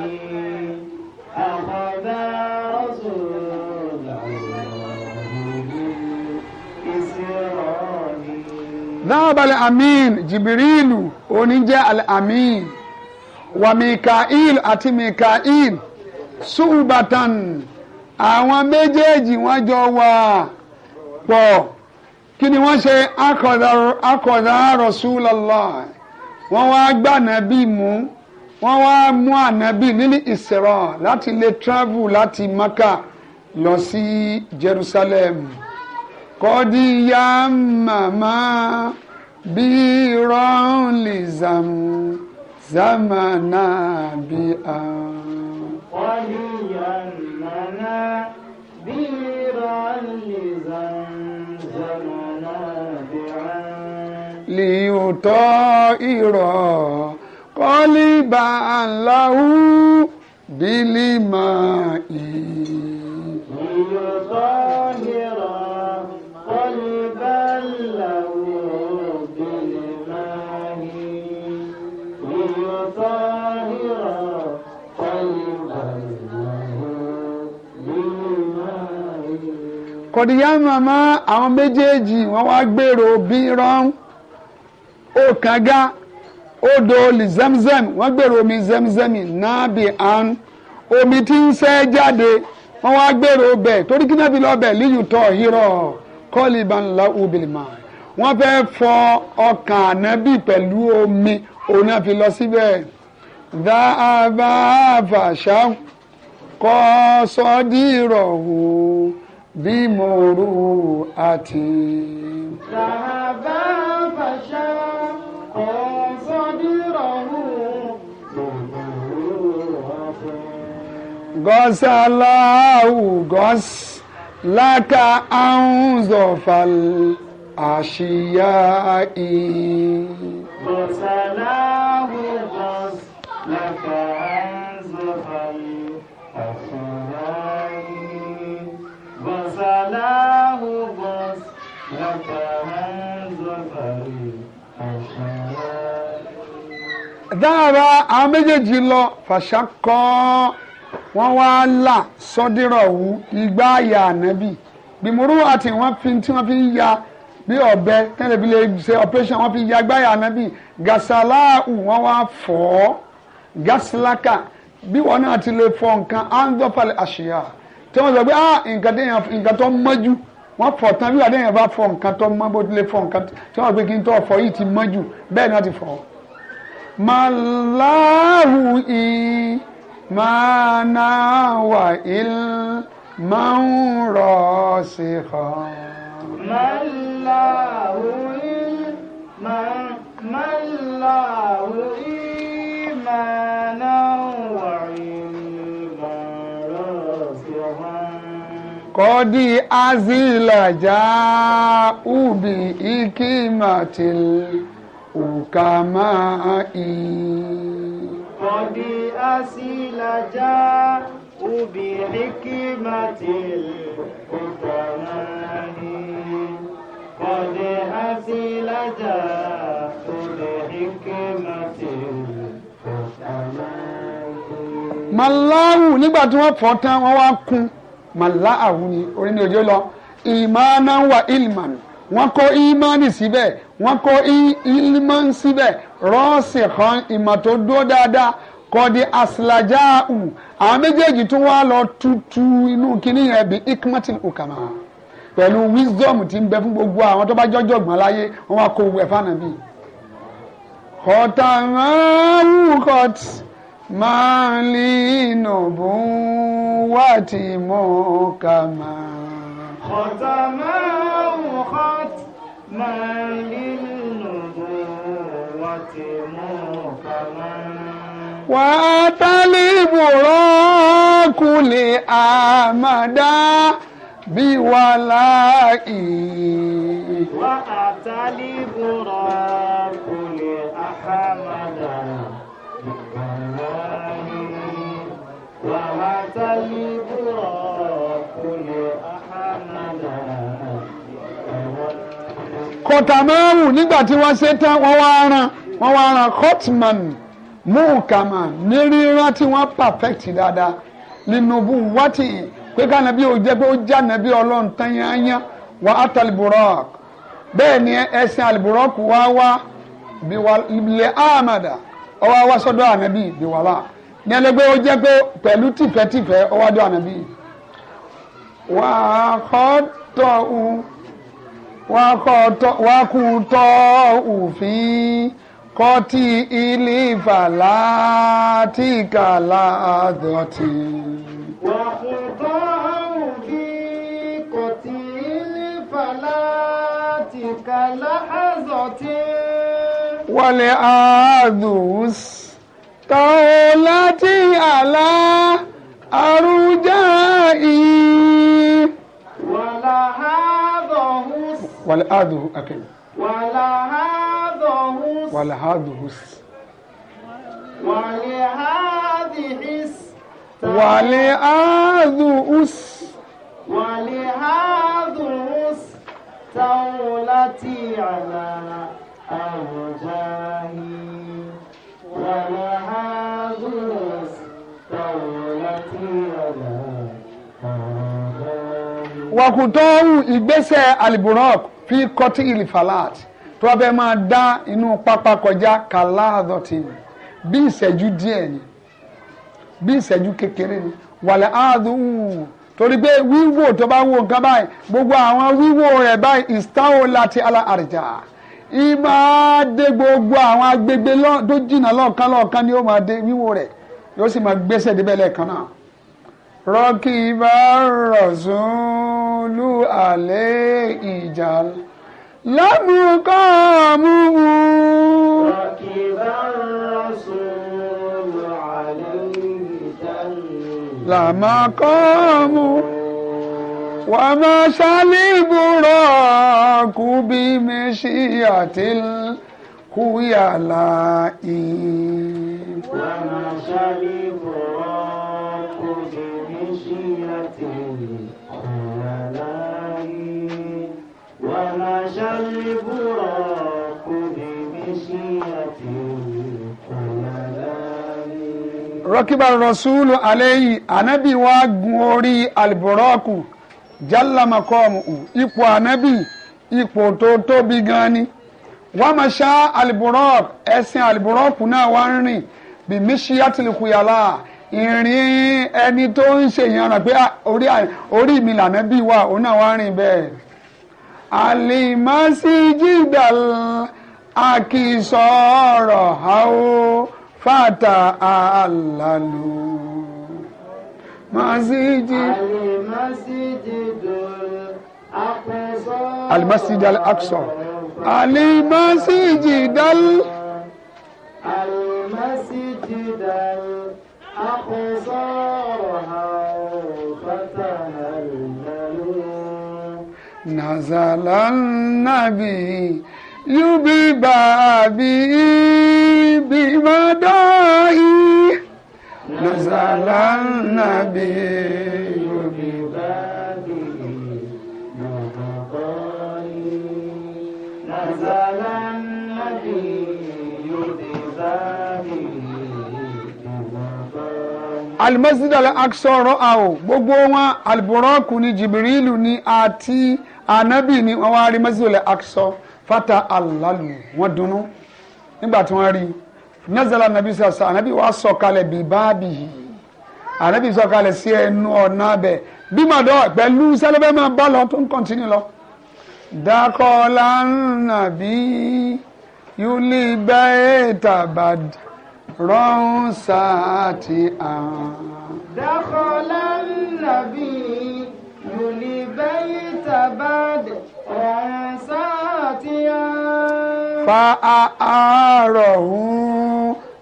أقد náà balẹ̀ amin jìbìrìlù òní jẹ́ alẹ́ amin wà mikael àti mikael subatan àwọn méjèèjì wọ́n jọ wà pọ̀ kí ni wọ́n ṣe akọ̀dà Rasulullah wọ́n wá gbà nàbí mú wọ́n wá mú ànábì nílì Isra láti lè travel láti Maka lọ sí Jerusalem kọ́dí yá màmá bí rọ́n lè zàmù zàmànà bí àwọn. kọ́dí yá màmá bí rọ́n lè zàmù zàmànà bí àwọn. lè tọ́ kọ́lí bá a láwù bílí máa yìí. lè tọ́ kọ̀díyàmàmá àwọn méjèèjì wọ́n wá gbèrò bí rán òkànga odò lì zemzem wọ́n gbèrò omi zemzem náà bí an omi tí ń sẹ́ jáde wọ́n wá gbèrò bẹ̀ torí kí náà fi lọ bẹ̀ líyù tọ̀ hírọ̀ kọ́lì ìbànúlá ubìlìmà wọ́n fẹ́ fọ ọkàn ànábì pẹ̀lú omi òun náà fi lọ síbẹ̀ dáhàbà fàṣà kọ́ sọ́dírọ̀ wò. بمروءة ذهب فشاق صدره غسله غس لك أنظف الأشياء غسله غس لك له بس dára àwọn méjèèjì lọ fàṣà kan wọ́n wá là sọdírọwù igbá àyà ànábì bìmúrú àti wọ́n fi tí wọ́n fi ya bí ọ̀bẹ tẹ́lẹ̀ fi lè ṣe operation wọ́n fi ya igbá àyà ànábì gàṣàláàhù wọ́n wá fọ́ gàṣìlákà bí wọ́n náà ti lè fọ́ nǹkan andopal àṣìyà tí wọ́n sọ pé ah nǹkan tó mọ́jú wọ́n fọ̀ tán bí àdéhùn bá fọ̀ nǹkan tó mọ́ bó tilẹ̀ fọ̀ nǹkan tí wọ́n gbé kí n tó fọ̀ yìí ti mọ́ jù bẹ́ẹ̀ náà ti fọ̀. màláhù i máa ná wà il máa ń rọ̀ sí i màláhù i máa ná wà il máa rọ̀ sí kan kọ́dí azìlàjà ubi ikimatil ukama i. kọ́dí azìlàjà ubi ikimatil ukama i. kọ́dí azìlàjà ubi ikimatil ukama i. màláwù nígbà tí wọ́n fọ́ tán wọ́n wá kún màlá àhùn ni orí ni òjò lọ ìmọ̀ọ́nà wà ilman wọ́n kó ìmọ̀ọ́nì síbẹ̀ wọ́n kó ilman síbẹ̀ rọ́ọ̀sì kan ìmọ̀ tó dó dáadáa kọ́dí asilajà ù àwọn méjèèjì tó wá lọ tutù inú kínní yẹn bí ikmatin ukama pẹ̀lú wisdom ti ń bẹ fún gbogbo àwọn tó bá jọjọ gbọ́n láyé wọ́n wá kó wẹ̀ fánà bíi. kọ̀tà máa ń lé ìnùbù wá tí mo kà máa. ọ̀tá máa ń kọ́ máa ń lé ìnùbù wá tí mo kà máa. wà á tálé ìbùrọ̀ kúlẹ̀ àmàdá bí wàhálà yìí. wà á tálé ìbùrọ̀ kúlẹ̀ àmàdá. السليم رب أحمد kọtàmáwù nígbà tí wọ́n ṣe tán wọ́n wá ran wọ́n wá ran hotman múùkàmà ní rírán tí wọ́n perfect dáadáa nínú bú wátì pé kànábí ò jẹ́ pé ó já nàbí ọlọ́run tán yányá wà á taliburọ́ọ̀k bẹ́ẹ̀ ni ẹ̀sìn aliburọ́ọ̀kù wá wá bí wà lè ámàdà ọwọ́ wá sọ́dọ̀ ànábì bí wà láà ní ẹni pé ó jẹ́ pé pẹ̀lú tìfẹ́tìfẹ́ ó wá dé ànábì wà á kọ́ tọ̀ ọ́ wà á kú tọ́ òfin wà á kú tọ́ òfin kọ́tí ilé ìfàlà tí kàlà àdọ̀tí. wọ́n lè àádùn sí. كولتي على أرجائي ولا هذا ولا هذا أكيد ولا هذا ولا هذا ولهذه ولهذه أس ولهذه أس تولتي على أرجائي wàkùtọ́ọ̀hù ìgbésẹ̀ aliburok fi kọ́tí ìlìfàláàt tó wá máa dá inú pápá kọjá kàláàdọ̀tì bí ìṣẹ́jú díẹ̀ ni bí ìṣẹ́jú kékeré ni wàlẹ̀ áàdùnwù torí pé wíwò tó bá wò nǹkan wíwò rẹ̀ báyìí ìmáa dé gbogbo àwọn agbègbè tó jìnnà lọ́ọ̀kan lọ́ọ̀kan ni ó máa dé wíwò rẹ̀ yóò sì máa gbẹ́sẹ̀ débẹ̀ lẹ́ẹ̀kan náà. rọ́kì bá rọ̀sùn lù àlẹ́ ìjà lámùkọ́ mú wù. rọ́kì bá rọ̀sùn lù àlẹ́ ìjà lámùkọ́ mú ومثل البراق بمشيئة الخيلاء ومثل البراق بمشيئة الخيلاء ومثل البراق بمشيئة الخيلاء ركب الرسول عليه أنا بواق موري البراق jálàmàkọ́ọ̀mù ipò ànábì ipò tó tóbi gan ni wọ́n máa ṣá aliburọ́ọ̀kù ẹ̀sìn aliburọ́ọ̀kù náà wá ń rìn bí mísíyàtìlìkùyàlá ìrìn ẹni tó ń ṣe ìyànràn pé ah, orí mi lànábì wà òun náà wá ń rìn bẹ́ẹ̀ alimasigidal akisọ̀rọ̀ hao fata alalu masiji. alimasi dal aksọ. alimasi dal. alimasi dal aksọ. نزل النبي يبي بابي بمدائي نزل النبي ببدر نطقاني نزل النبي ببدر almasjid al-aqsa ra'aw gbogbo wọn alburaku ni jibirilu ni àti anabi ni wọn wá rí masjid al-aqsa fata alalu wọn dùnnú nígbà tí wọn rí i nazala nabi sasa anabi wa sọ̀kalẹ̀ bi baabi anabi sọ̀kalẹ̀ sí ẹnu ọ̀nà bẹ bímọ dọ pẹ̀lú sẹlẹbẹ máa bá lọ tó ń kọntínú lọ. nabi yuli bẹ́ẹ̀ tabad rọ́n sáàtì àn. dakọla nabi yuli bẹ́ẹ̀ tabad. فأعاره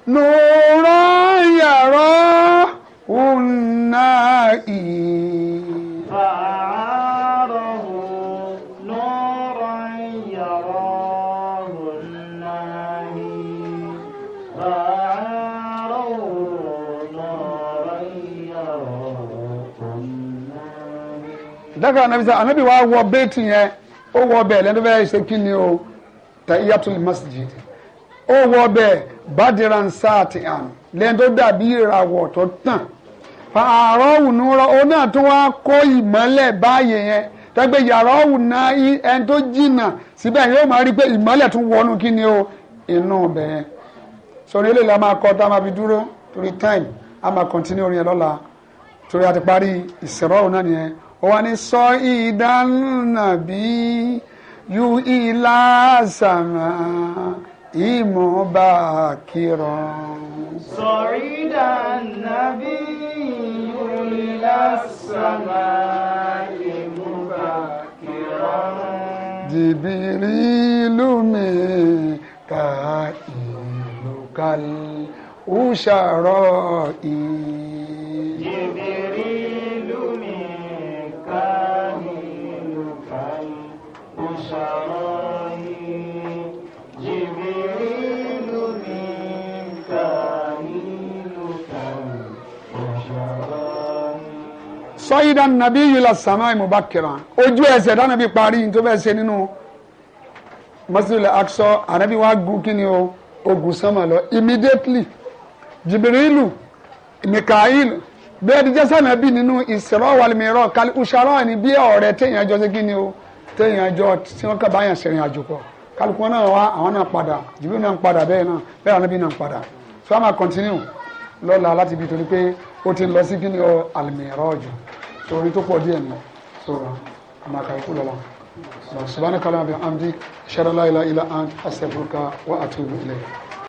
نورا يراه النائي فأعاره نورا يراه النائي فأعاره نورا يراه النائي. dákàá nàbí sá ànábì wàá wọ bẹ́ẹ̀tì yẹn. O wọ ọbẹ̀ lẹ́nu bẹ́ẹ̀ ṣe kí ni o tahiyatul masjid ó wọ ọbẹ̀ badiran saati an lẹ́nu tó dàbí ìràwọ̀ tó tàn àárọ̀ òwúnúrọ̀ ó náà tó wá kó ìmọ́lẹ̀ báyìí yẹn tẹ́gbẹ́ yàrá òwúná ẹni tó jìnnà síbẹ̀ yóò máa rí pé ìmọ́lẹ̀ tún wọnú kí ni o inú ọbẹ̀ yẹn eléyìí la máa kọ́ tá a máa fi dúró torí time a máa continue orin yẹn lọ́la torí a ti parí ìṣẹ̀rọ̀ òun nìyẹn wọ́n ní sọ ìdánàbí yú ilá sàmà ìmọ̀ bá kírọ̀. sọ̀rí ìdánàbí yú ilá sàmà ìmọ̀ bá kírọ̀. jìbìrì ìlú mi ka ìlú kan ó ṣàrọ̀ ìlú. sọ́yídà nàbí yìlá sàmáì mubakiran ojú ẹsẹ̀ dánàbí parí tó bẹ́ẹ̀ ṣe nínú masjid aksọ ànábì wa gun kíni o ogun sánmà lọ immediately jibirilu mikael bẹ́ẹ̀ díjẹ́ sànàbí nínú ni bí o tẹ̀yìn àjọ tí wọ́n kàbá yàn sẹ̀rìn àjò pọ̀ kálukú wọn náà wá àwọn náà padà jìbìrì náà ń padà bẹ́ẹ̀ náà bẹ́ẹ̀ àwọn ẹbí náà ń padà so a máa continue lọ́la láti ibi torí pé ó ti lọ sí kíni al-Miraj torí tó pọ̀ díẹ̀ nù so a máa kà ikú lọ́la subhanaka Allahumma wa bihamdik ashhadu an la ilaha illa anta astaghfiruka wa atubu ilayk.